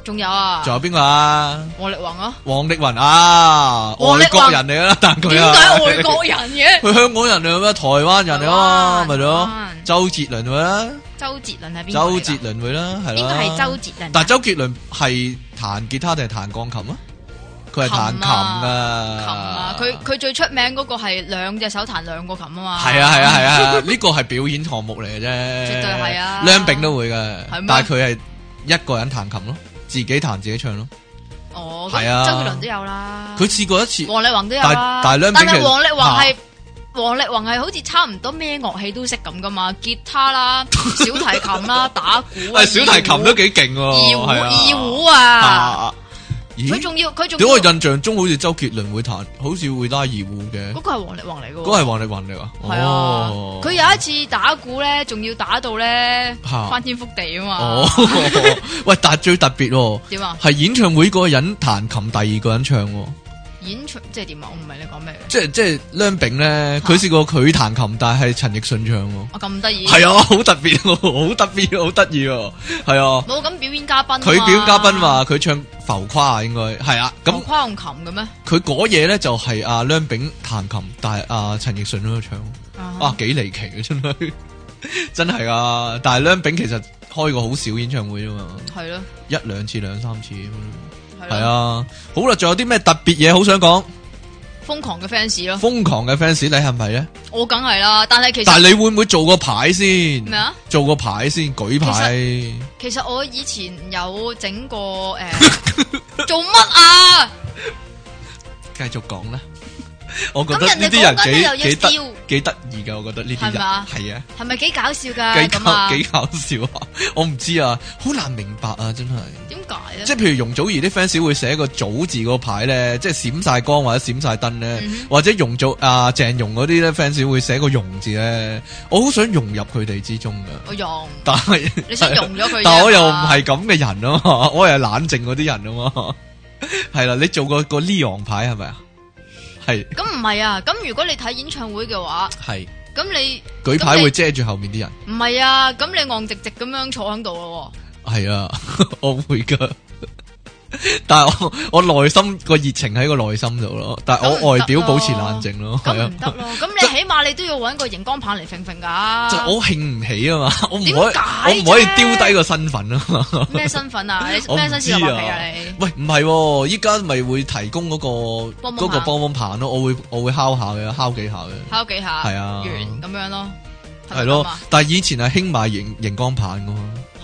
仲有啊？仲有邊個啊？王力宏咯？王力宏啊，外國人嚟啦，但係點解外國人嘅？佢香港人嚟嘅咩？台灣人啊嘛，咪咗周杰倫啊？周杰倫喺邊啊？周杰倫會啦，係啦。應該係周，周杰倫。但係周杰倫係彈吉他定係彈鋼琴啊？佢係彈琴啊。琴啊！佢佢最出名嗰個係兩隻手彈兩個琴啊嘛。係啊係啊係啊！呢、啊啊、 個係表演項目嚟嘅啫。絕對係啊。梁炳都會噶，嗎但係佢係一個人彈琴咯，自己彈自己唱咯。哦，係啊，周杰倫都有啦。佢試、啊、過一次。王力宏都有但。但係梁炳。王力宏係。啊王力宏係好似差唔多咩樂器都識咁噶嘛，吉他啦、小提琴啦、打鼓啊 胡，小提琴都幾勁喎，二胡、啊、二胡啊，佢仲、啊、要佢仲，點我印象中好似周杰倫會彈，好似會拉二胡嘅，嗰個係王力宏嚟噶，嗰個係王力宏嚟噶，哦，佢、啊、有一次打鼓咧，仲要打到咧、啊、翻天覆地嘛啊嘛，哦！ 喂，但最特別點啊，係 演唱會嗰個人彈琴，第二個人唱。演出即係點啊？我唔明你講咩？即係即係梁炳咧，佢試過佢彈琴，但係陳奕迅唱喎。咁得意。係啊，好特別，好特別，好得意，係啊。冇咁、啊啊、表演嘉賓、啊。佢表演嘉賓話佢唱浮誇啊，應該係啊。咁誇用琴嘅咩？佢嗰嘢咧就係阿梁炳彈琴，但係阿陳奕迅都唱。啊、uh，幾、huh. 離奇嘅，真係， 真係啊！但係梁炳其實開過好少演唱會啫嘛。係咯的，一兩次，兩三次。係啊，好啦，仲有啲咩特別嘢好想講？瘋狂嘅 fans 咯，瘋狂嘅 fans，你係咪咧？我梗係啦，但係其實但係你會唔會做個牌先？咩啊？做個牌先，舉牌。其實，其實我以前有整過誒，呃、 做乜啊？繼續講啦。我覺得呢啲人幾幾得幾得意噶，我覺得呢啲人係吧啊，係咪幾搞笑噶？幾搞，啊、幾搞笑啊！我唔知啊，好難明白啊，真係。點解啊？即係譬如容祖兒啲 fans 會寫個祖字嗰個牌咧，即係閃晒光或者閃晒燈咧，嗯、哼或者容祖啊鄭、呃、容嗰啲咧 fans 會寫個容字咧，我好想融入佢哋之中噶。我容用，但係是你想融咗佢？但我又唔係咁嘅人啊，我又冷靜嗰啲人啊嘛。係 啦， 你做過個個呢王牌係咪啊？係，咁唔係啊！咁如果你睇演唱會嘅話，係是，咁你舉牌會遮住後面啲人？唔係啊！咁你戇直直咁樣坐喺度咯喎，係是啊， 我會㗎。但係我我內心個熱情喺個內心度咯，但係我外表保持冷靜咯，係啊，唔得咯，咁你起碼你都要揾個熒光棒嚟揈揈噶，就我興唔起啊嘛，我唔可以，我唔可以丟低個身份啊嘛，咩身份啊？你咩新小武器啊？你喂唔係，依家咪會提供嗰個嗰個熒光棒咯，我會我會敲下嘅，敲幾下嘅，敲幾下，係啊，圓咁樣咯，係咯，但係以前係興買熒熒光棒噶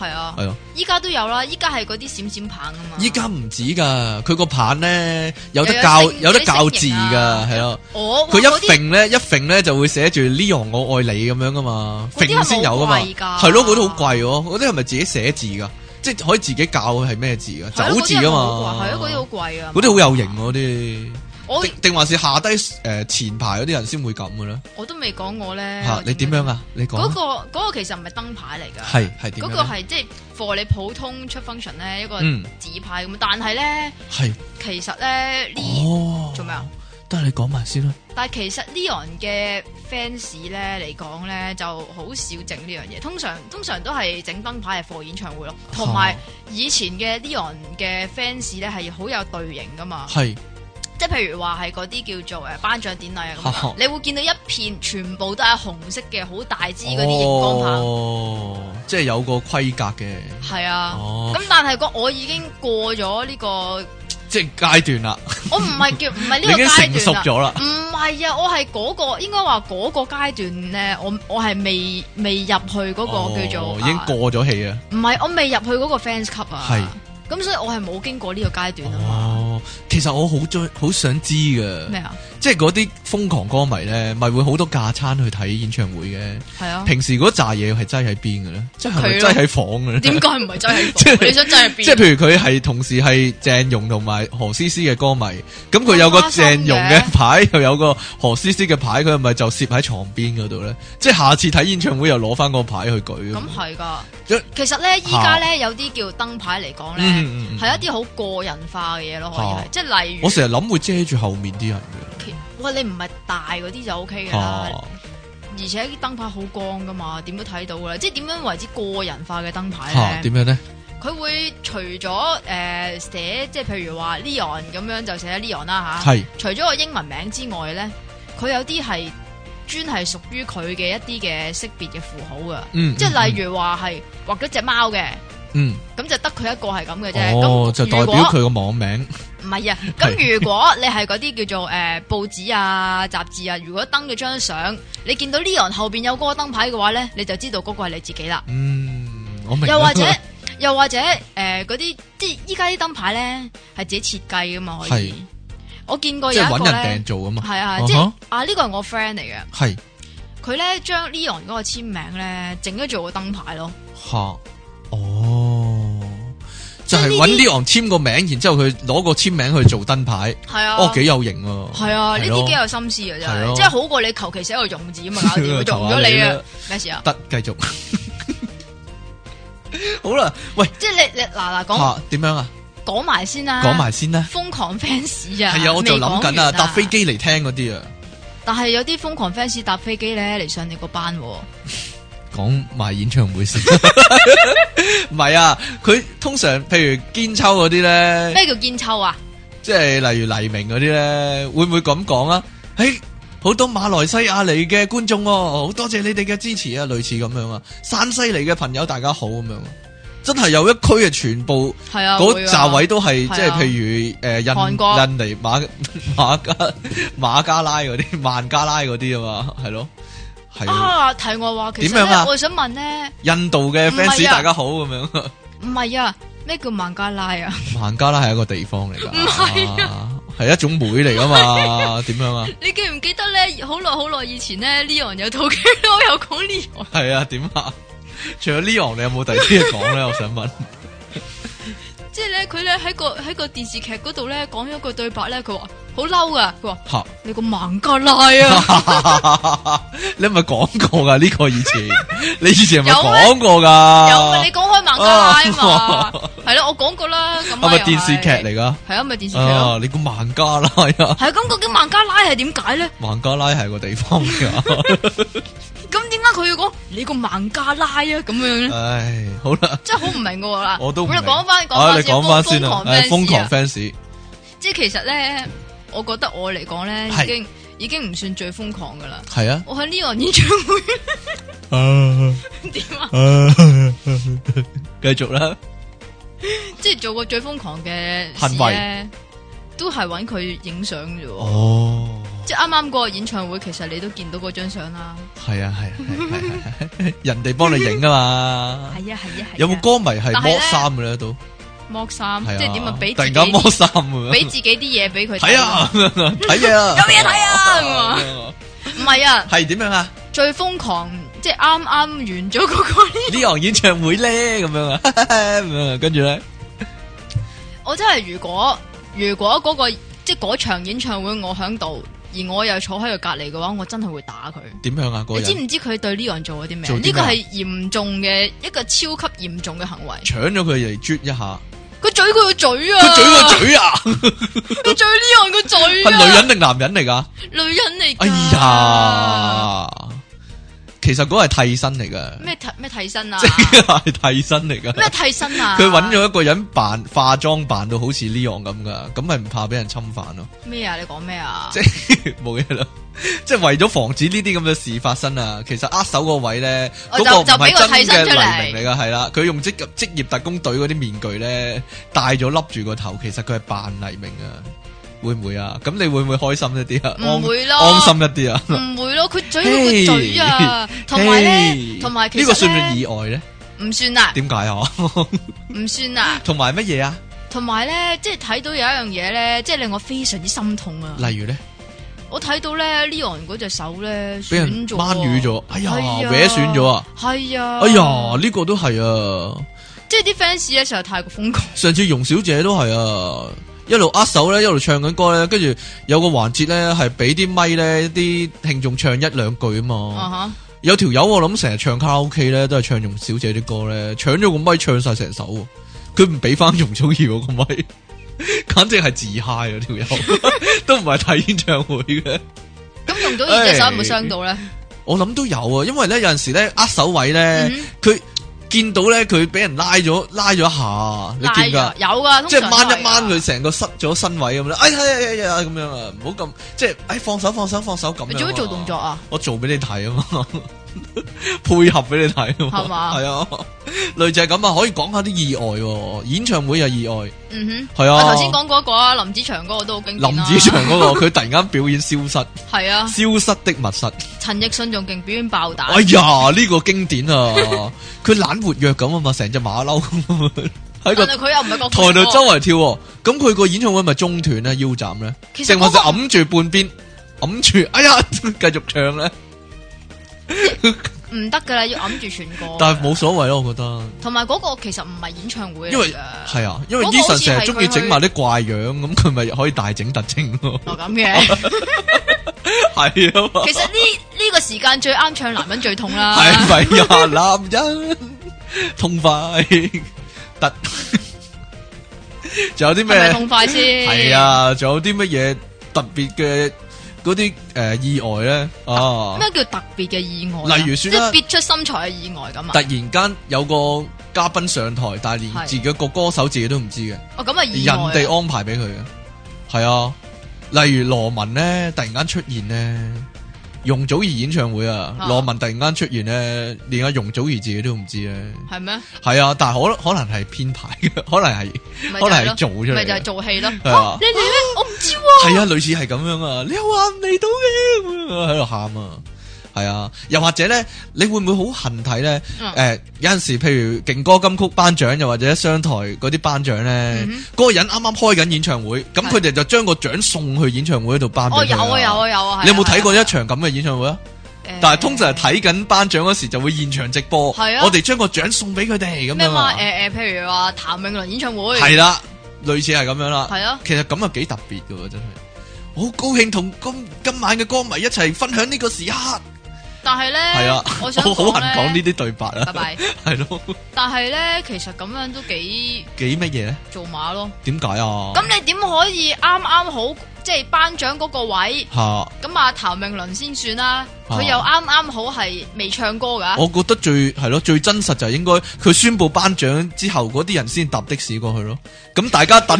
係啊，係咯，依家都有啦，依家係嗰啲閃閃棒啊嘛，依家唔止噶，佢個棒咧有得教，有，有，有得教字噶，係咯、啊，我佢、啊、哇一揈咧，些一揈咧就會寫住 Leon，我愛你咁樣噶嘛，揈先有噶嘛，係咯、啊，嗰啲好貴哦，嗰啲係咪自己寫字噶，即係可以自己教係咩字噶，啊、走字噶嘛，係啊，嗰啲好貴啊，嗰啲好有型嗰啲。定定還是下低誒前排嗰啲人先會咁嘅咧？我都未講我咧吓，你點樣啊？你講嗰個嗰個其實唔係燈牌嚟噶，係係點？嗰個係即係 for 你普通出 function 咧一個紙牌咁，但係咧係其實咧呢做咩啊？但係你講埋先啦。但係其實 Leon 嘅 fans 咧嚟講咧就好少整呢樣嘢，通常通常都係整燈牌嚟 for 演唱會咯，同埋以前嘅 Leon 嘅 fans 咧係好有隊形噶嘛。係。即係譬如話係嗰啲叫做誒頒獎典禮啊，咁 你會見到一片全部都係紅色嘅好大支嗰啲熒光棒，哦、即係有個規格嘅。係啊，咁、哦、但係我已經過咗呢、這個即係階段啦。我唔係叫唔係呢個階段熟咗啦。唔係啊，我係嗰、那個應該話嗰個階段咧，我我係未未入去嗰、那個、哦、叫做、啊、已經過咗氣啊。唔係，我未入去嗰個 fans club 啊。係是，咁所以我係冇經過呢個階段啊嘛。哦其實我好中好想知噶。咩啊？即係嗰啲瘋狂歌迷咧，咪會好多架撐去睇演唱會嘅。係啊。平時嗰扎嘢係擠喺邊嘅咧？即係係咪擠喺房嘅咧？點解唔係擠喺房？你想擠喺邊？即係譬如佢係同時係鄭融同埋何思思嘅歌迷，咁佢有個鄭融嘅牌，又有個何思思嘅牌，佢係咪就攝喺床邊嗰度咧？即係下次睇演唱會又攞翻個牌去舉。咁係噶。其實咧，依家咧有啲叫燈牌嚟講咧，係、嗯、一啲好個人化嘅嘢咯，即係例如，我成日諗會遮住後面啲人嘅。哇，你唔係大嗰啲就 OK 嘅啦。啊、而且啲燈牌好光噶嘛，點都睇到噶啦。即係點樣為之個人化嘅燈牌咧？點、啊、樣咧？佢會除咗誒寫，即、呃、係譬如話 Leon 咁樣就寫 Leon 啦、啊、吓。係是。除咗個英文名之外咧，佢有啲係專係屬於佢嘅一啲嘅識別嘅符號噶。嗯、即係例如話係畫咗隻貓嘅。嗯，咁就得佢一個係咁嘅啫。哦，就代表佢個網名。唔係啊，咁是如果你係嗰啲叫做誒、呃、報紙啊、雜誌啊，如果登咗張相，你見到 Leon 後邊有嗰個燈牌嘅話咧，你就知道嗰個係你自己啦。嗯，我明。又或者，又或者，誒，嗰啲即係依家啲燈牌咧，係自己設計噶嘛？可以。是我見過有一個咧。即係搵人訂做啊嘛。係啊即係啊，呢個係我 friend 嚟嘅。係。佢咧將 Leon 嗰個簽名咧整咗做個燈牌咯。吓、啊，哦。就係搵啲人簽個名，然之後佢攞個簽名去做燈牌，係啊，哦，幾有型啊，係啊，呢啲幾有心思啊，真係，即係好過你求其寫個用字啊嘛，搞掂佢用咗你啊？咩事啊？得繼續，好啦，喂，即係你你嗱嗱講點樣啊？講埋先啦，講埋先啦，瘋狂 fans 啊，係啊，我就諗緊啊，搭飛機嚟聽嗰啲啊，但係有啲瘋狂 fans 搭飛機咧嚟上你個班喎。講埋演唱會先，唔係啊！佢通常譬如肩秋嗰啲咧，咩叫堅秋啊？即係例如黎明嗰啲咧，會唔會咁講啊？誒、欸，好多馬來西亞嚟嘅觀眾、哦，好多謝你哋嘅支持啊！類似咁樣啊，山西嚟嘅朋友，大家好咁樣，真係有一區啊，全部係啊，嗰紮位都係即係，譬如誒、啊呃、印韓國印尼馬馬，馬加馬加拉嗰啲，孟加拉嗰啲啊嘛，係咯。啊！題外話其實咧，啊、我想問咧，印度嘅 fans、啊、大家好咁樣。唔係啊，咩叫孟加拉啊？孟加拉係一個地方嚟噶，唔係啊，係一種妹嚟噶嘛？點、啊、樣啊？你記唔記得咧？好耐好耐以前咧，Leon 有套劇， 我又講 Leon 係啊，點啊？除咗 Leon，你有冇第二啲嘢講咧？ 我想問。即係咧，佢咧喺個喺個電視劇嗰度咧講咗句對白咧，佢話好嬲啊！佢話哈你個孟加拉啊！ 你係咪講過噶呢、這個以前， 你以前係咪講過噶？又咪你講開孟加拉嘛啊？係咯、 啊，我講過啦。咁、嗯、啊，咪、 嗯、電視劇嚟噶？係啊，咪電視劇啊！你個孟加拉啊？係咁，究竟孟加拉係點解咧？孟加拉係個地方嚟。咁點解佢要講你個孟加拉啊咁樣咧？唉，好啦，真係好唔明噶啦！我都講翻，講翻先，瘋狂瘋狂 fans。即係其實咧，我覺得我嚟講咧，已經已經唔算最瘋狂噶啦。係啊，我喺呢個演唱會。點啊？繼續啦！即係做過最瘋狂嘅事咧，都係揾佢影相啫。哦。啱啱嗰個演唱會，其實你都見到嗰張相啦。係啊係啊係啊，人哋幫你影啊嘛。係啊係啊係。有冇歌迷係剝衫嘅咧都？剝衫，即係點啊？俾突然間剝衫嘅，俾自己啲嘢俾佢。睇啊，睇咩啊？有嘢睇啊？唔係啊？係點樣啊？最瘋狂，即係啱啱完咗嗰個呢？呢行演唱會咧，咁樣啊？咁啊？跟住咧，我真係如果如果嗰個即係嗰場演唱會，我喺度。而我又坐喺佢隔籬嘅話，我真係會打佢。點樣啊哥？你知唔知佢對呢個人做咗啲咩？呢個係嚴重嘅一個超級嚴重嘅行為。搶咗佢嚟啜一下。佢嘴，佢個嘴啊！佢嘴個嘴啊！佢 嘴呢個人個嘴，啊。係女人定男人嚟噶？女人嚟。哎呀！其實嗰個係替身嚟噶，咩替咩替身啊？即係替身嚟噶。咩替身啊？佢揾咗一個人扮化妝扮到好似呢樣咁噶，咁咪唔怕俾人侵犯咯？咩啊？你講咩啊？即係冇嘢啦，即係為咗防止呢啲咁嘅事發生啊。其實握手位就個位咧，嗰個替身出嘅黎明嚟噶，係啦，佢用職職業特工隊嗰啲面具咧戴咗笠住個頭，其實佢係扮黎明啊。會唔會啊？咁你會唔會開心一啲啊？唔會咯，安心一啲啊？唔會咯，佢嘴嗰個嘴啊，同埋咧，同埋其實呢個算唔算意外咧？唔算啊？點解啊？唔算啊？同埋乜嘢啊？同埋咧，即係睇到有一樣嘢咧，即係令我非常之心痛啊！例如咧，我睇到咧 Leon 嗰隻手咧，俾人掹瘀咗，哎呀，搲損咗啊！係啊，哎呀，呢個都係啊！即係啲 fans 咧，實在太過瘋狂。上次容小姐都係啊。一路握手咧，一路唱緊歌咧，跟住有個環節咧，係俾啲咪，咧，啲聽眾唱一兩句啊嘛。啊哈 有條友我諗成日唱卡拉 OK 咧，都係唱容小姐啲歌咧，搶咗個咪，唱晒成首，佢唔俾翻容祖兒嗰個咪， 簡直係自嗨，啊。嗰條友，都唔係睇演唱會嘅。咁容祖兒隻手有冇傷到咧？哎？我諗都有啊，因為咧有陣時咧握手位咧，佢、嗯嗯。見到咧，佢俾人拉咗，拉咗一下，拉你見㗎？有㗎、啊，即係掹一掹佢，成個失咗身位咁咧，哎呀呀呀呀咁樣啊！唔好咁，即係哎放手，放手，放手咁樣。你做唔做動作啊？我做俾你睇啊嘛。 配合俾你睇嘛，係咪啊，類似係咁啊，可以講下啲意外、啊，演唱會有意外，嗯哼，係啊，我頭先講過一個林子祥嗰個都好經、啊、林子祥嗰、嗰個佢突然間表演消失，係啊，消失的密室，陳奕迅仲勁表演爆蛋，哎呀，呢、這個經典啊，佢懶活躍咁啊嘛，成隻馬騮喺度，但係佢又唔係個台度周圍跳，咁佢個演唱會咪中斷咧，腰斬咧，剩翻就揞住半邊，揞住，哎呀，繼續唱咧。唔得噶啦，要揞住全個。但係冇所謂咯，我覺得、啊。同埋嗰個其實唔係演唱會，因為係啊，因為 Eason 成日中意整埋啲怪樣，咁佢咪可以大整特精咯。哦，咁嘅，係 啊， 其實呢呢、這個時間最啱唱男人最痛啦、啊，係咪啊？男人痛快特，仲 有啲咩痛快先？係 啊，仲有啲乜嘢特別嘅？嗰啲誒意外咧，啊咩叫特別嘅意外，啊？例如算啦，即別出心裁嘅意外咁啊！突然間有個嘉賓上台，但係連自己個歌手自己都唔知嘅，哦咁啊意外！人哋安排俾佢嘅，係、哦、啊，例如羅文咧，突然間出現咧。容祖兒演唱會啊，羅文突然間出現咧，連阿容祖兒自己都唔知咧。係咩嗎？係啊，但係可可能係編排嘅，可能係可能係做出嚟，咪就係做戲咯、啊啊。你嚟咩？啊、我唔知喎、啊。係啊，類似係咁樣啊，你又話唔嚟到嘅，喺度喊啊！係啊，又或者咧，你會唔會好恨睇咧？誒、嗯欸，有陣時譬如勁歌金曲頒獎，又或者商台嗰啲頒獎咧，嗯、哼嗰個人啱啱開緊演唱會，咁佢哋就將個獎送去演唱會度頒獎。有啊，有啊，有啊，啊你有冇睇過一場咁嘅演唱會啊？欸、但係通常係睇緊頒獎嗰時，就會現場直播。係啊、欸，我哋將個獎送俾佢哋咁樣。咩誒誒，譬如話譚詠麟演唱會，係啦、啊，類似係咁樣啦。係啊，其實咁啊幾特別噶，真係好高興同今今晚嘅歌迷一齊分享呢個時刻。但係咧，我好難講呢啲對白啊，係咯。但係咧，其實咁樣都幾幾乜嘢咧？做馬咯？點解啊？咁你點可以啱啱好即係頒獎嗰個位？咁阿譚詠麟先算啦，佢又啱啱好係未唱歌噶。我覺得最係咯最真實就係應該佢宣布頒獎之後嗰啲人先搭的士過去咯。咁大家等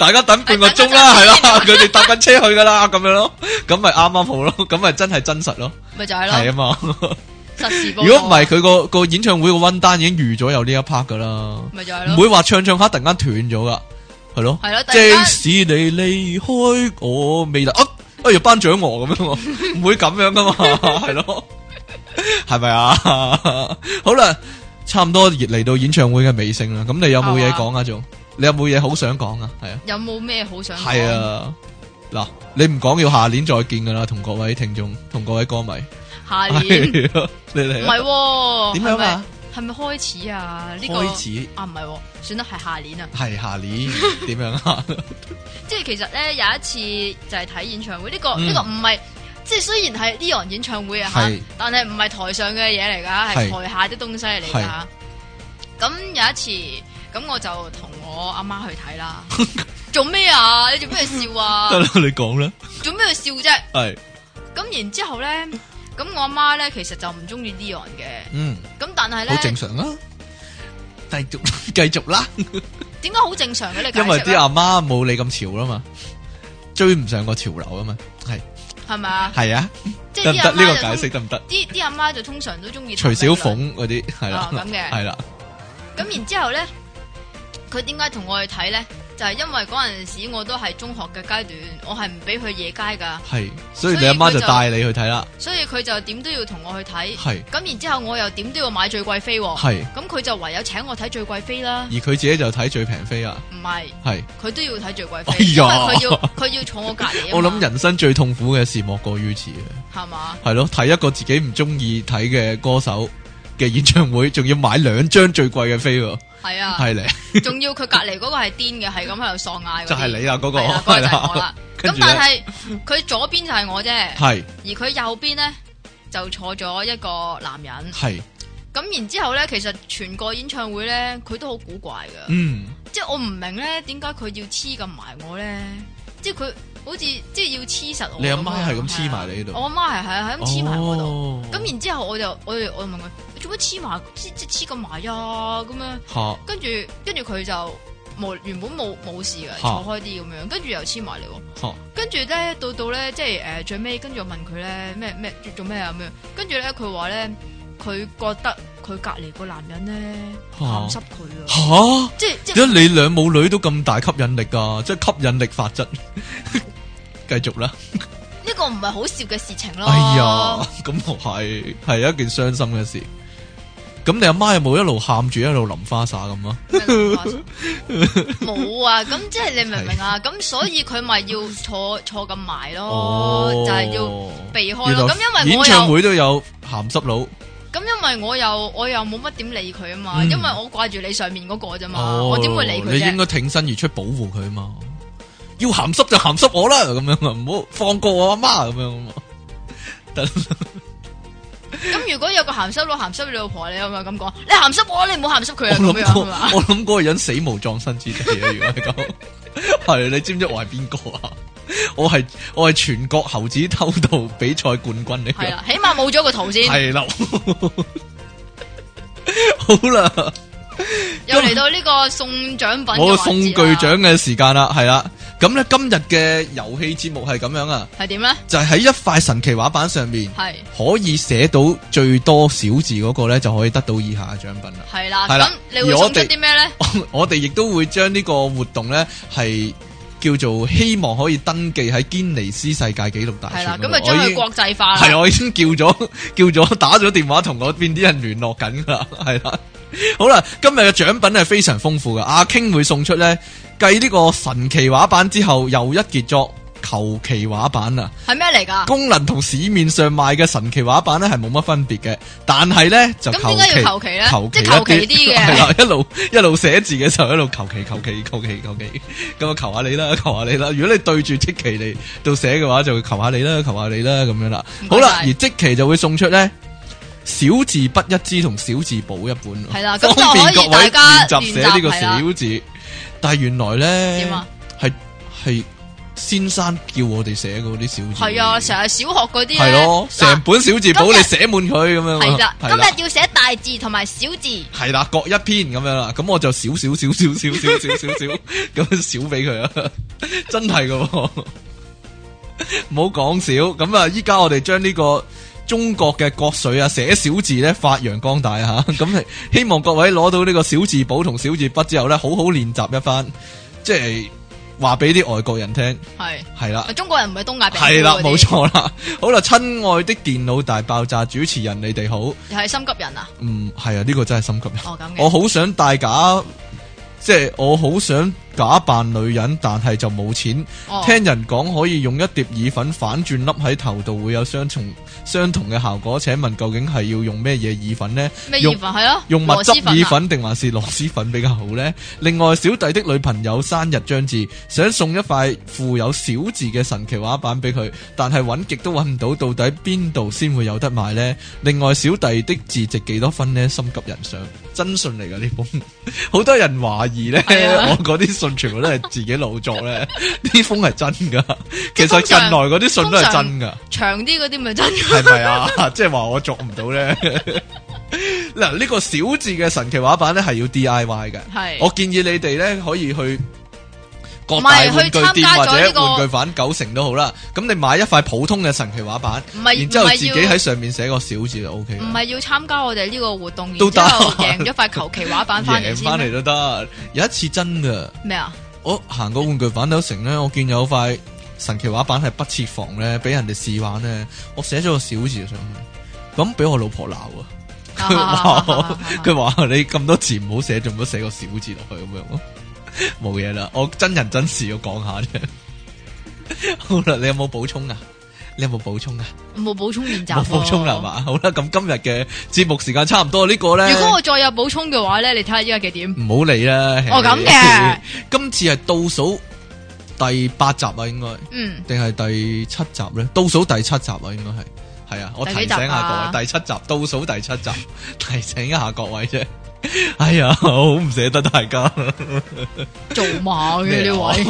大家等半個鐘啦，係啦，佢哋搭緊車去噶啦，咁樣咯，咁咪啱啱好咯，咁咪真係真實咯。咪就係啊嘛，如果唔係佢個個演唱會個 rundown 已經預咗有呢一 part 噶啦，咪就係咯，唔會話唱唱下突然間斷咗噶，係咯。係咯，即使你離開我，未來啊，哎呀，頒獎我咁樣，唔會咁樣噶嘛，係咯，係咪啊？好啦，差唔多嚟到演唱會嘅尾聲啦，咁你有冇嘢講啊？仲你有冇嘢好想講啊？係啊，有冇咩好想？係啊。嗱，你唔講要下年再見噶啦，同各位聽眾，同各位歌迷。下年，唔係點樣啊？係咪開始啊？呢個開始啊？唔係，算啦，係下年啊，係下年，點樣啊？即係其實咧，有一次就係睇演唱會，呢個呢個唔係，即係雖然係 Leon 演唱會啊，但係唔係台上嘅嘢嚟噶，係台下啲東西嚟噶。咁有一次，咁我就同。我阿媽去睇啦，做咩啊？你做咩去笑啊？得啦，你講啦。做咩去笑啫？係。咁然之後咧，咁我阿媽咧，其實就唔中意 Leon 嘅。嗯。咁但係咧。好正常啊。繼續繼續啦。點解好正常嘅咧？因為啲阿媽冇你咁潮啊嘛，追唔上個潮流啊嘛，係。係咪啊？係啊。即係得呢個解釋得唔得？啲啲阿媽就通常都中意徐小鳳嗰啲，係啦，咁嘅，係啦。咁然之後咧。佢點解同我去睇呢？就係、是、因為嗰陣時我都係中學嘅階段，我係唔俾去夜街噶。係，所以你阿媽就帶你去睇啦。所以佢就點都要同我去睇。咁是然之後我又點都要買最貴飛，哦。係是。咁佢就唯有請我睇最貴飛啦。而佢自己就睇最平飛啊。唔係是。佢是都要睇最貴飛，是因為佢要，佢要坐我隔籬。 我諗人生最痛苦嘅事莫過於此嘅。係嘛吧。係咯，睇一個自己唔中意睇嘅歌手嘅演唱會，仲要買兩張最貴嘅飛。係啊，仲要佢隔籬嗰個係癲嘅，係咁喺度喪嗌。就係你啦，嗰個就係我啦。咁但係佢左邊就係我啫，而佢右邊咧就坐咗一個男人。係，咁然之後咧，其實全個演唱會咧，佢都好古怪噶。嗯，即係我唔明咧，點解佢要黐咁埋我咧？即係佢好似即係要黐實我。你阿媽係咁黐埋你度？我阿媽係係係咁黐埋我度。咁然之後我就我我問佢。點解黐埋黐黐黐咁埋啊？咁樣，跟住跟住佢就冇原本冇冇事嘅，坐開啲咁樣，跟住又黐埋嚟喎。跟住咧，到到咧，即係誒，最尾，跟住我問佢咧咩咩做咩啊？咁樣，跟住咧佢話咧，佢覺得佢隔籬個男人咧鹹濕佢啊。吓，即係，點解你兩母女都咁大吸引力噶？即係吸引力法則。繼續啦，呢個唔係好笑嘅事情咯。哎呀，咁又係係一件傷心嘅事。咁你阿媽有冇一路喊住一路淋花灑咁 啊？冇是啊！咁即係你明唔明啊？咁所以佢咪要坐坐咁埋咯，哦、就係要避開咯。咁因為演唱會都有鹹濕佬，咁人因為我又我又冇乜點理佢啊嘛，嗯、因為我掛住你上面嗰個啫嘛，哦、我點會理佢？你應該挺身而出保護佢啊嘛，要鹹濕就鹹濕我啦，咁樣啊，唔好放過我阿媽咁樣啊。咁如果有個鹹濕佬鹹濕你老婆，你有冇咁講？你鹹濕我，你唔好鹹濕佢啊！我諗我諗嗰個人死無葬身之地啊！如果係咁，係 你知唔知我係邊個啊？我係我係全國猴子偷渡比賽冠軍嚟噶，起碼冇咗個桃先。係啦對了， 好啦了，又嚟到呢個送獎品，我送巨獎嘅時間啦，係啦。咁咧，今日嘅遊戲節目係咁樣啊？係點咧？就喺一塊神奇畫板上面，係是可以寫到最多小字嗰個咧，就可以得到以下嘅獎品啦。係啦、啊，係啦、啊，你會諗出啲咩咧？我我哋亦都會將呢個活動咧係叫做希望可以登記喺堅尼斯世界紀錄大全，那個。係啦，咁咪將佢國際化。係，我已經叫咗，叫咗打咗電話同嗰邊啲人聯絡緊噶。係啦， 好啦，今日嘅獎品係非常豐富噶。阿 King 會送出咧，繼呢個神奇畫板之後，又一傑作。求其畫板啊，係咩嚟噶？功能同市面上賣嘅神奇畫板咧係冇乜分別嘅，但係咧就咁點解要求其咧？即係求其啲嘅，係啦， 一路一路寫字嘅時候一路 求其求其求其求其。咁啊求下你啦，求下你啦。如果你對住即奇嚟到寫嘅話，就會求下你啦，求下你啦，咁樣啦。謝謝好啦，而即奇就會送出咧小字筆一支同小字簿一本，係啦，方便大家練習寫呢個小字。啦但係原來咧係係。先生叫我哋寫嗰啲小字，係啊，成日小學嗰啲，係咯，成本小字簿你寫滿佢咁樣，係啦。今日要寫大字同埋小字，係啦，各一篇咁樣啦。咁我就少少少少少少少少咁少俾佢啊，真係噶，唔好講少。咁啊，依家我哋將呢個中國嘅國粹啊，寫小字咧發揚光大吓。咁希望各位攞到呢個小字簿同小字筆之後咧，好好練習一番，即係。話俾啲外國人聽，係係啦，是了中國人唔係東亞病夫啦，冇錯啦。好啦，親愛的電腦大爆炸主持人你，你哋好，又係心急人啊？嗯，係啊，呢、這個真係心急人。哦、我好想大假，即、就、係、是、我好想。假扮女人，但係就冇錢。哦、聽人講可以用一碟意粉反轉粒喺頭度，會有相從相同嘅效果。請問究竟係要用咩嘢意粉呢？用乜汁意粉定還是螺螄粉比較好呢？另外，小弟的女朋友生日將至，想送一塊附有小字嘅神奇畫板俾佢，但係揾極都揾唔到，到底邊度先會有得賣呢？另外，小弟的字值幾多分呢？心急人上，真信嚟噶呢封，好多人懷疑呢。我啲、哎呀全部都係自己老作咧，啲 封係真噶。 其實近來嗰啲信都係真噶，長啲嗰啲咪真。係 咪啊？即係話我作唔到咧。嗱，呢個小字嘅神奇畫板咧係要 D I Y 嘅。係是，我建議你哋咧可以去。唔係去參加咗呢個玩具反斗城都好啦，咁你買一塊普通嘅神奇畫板，唔係然之後自己喺上面寫個小字就 OK。唔係要參加我哋呢個活動，都得。然之後贏咗塊求其畫板翻嚟都得。有一次真噶，咩啊？我行個玩具反斗城咧，我見有塊神奇畫板係不設防咧，俾人哋試玩咧，我寫咗個小字上去，咁俾我老婆鬧啊。佢話你咁多字唔好寫，做乜寫個小字落去咁樣？冇嘢啦，我真人真事要講下啫。 好啦，你有冇補充啊？你有冇補充啊？冇補充練習、啊。冇補充係嘛？好啦，咁今日嘅節目時間差唔多，這個、呢個咧。如果我再有補充嘅話咧，你睇下依家幾點？唔好嚟啦。哦，咁嘅。今次係倒數第八集啊，應該。嗯。定係第七集咧？倒數第七集啊，應該係。係啊，我提醒下各位，第，啊、第七集倒數第七集，提醒一下各位啫。哎呀，我好唔捨得大家。做馬嘅呢位，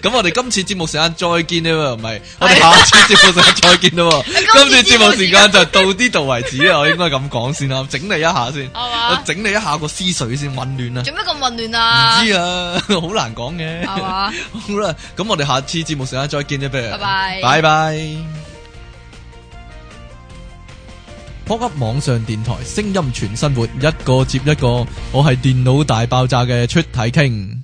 咁我哋今次節目時間再見啦，唔係我哋下次節目時間再見啦。今次節目時間就到呢度為止，我應該咁講先啦，整理一下先，我整理一下個思緒先混亂啊。做咩咁混亂啊？唔知啊，好難講嘅。好啦，咁我哋下次節目時間再見啦，拜拜，拜拜。波及網上電台，聲音全生活，一個接一個，我係電腦大爆炸嘅出體 king。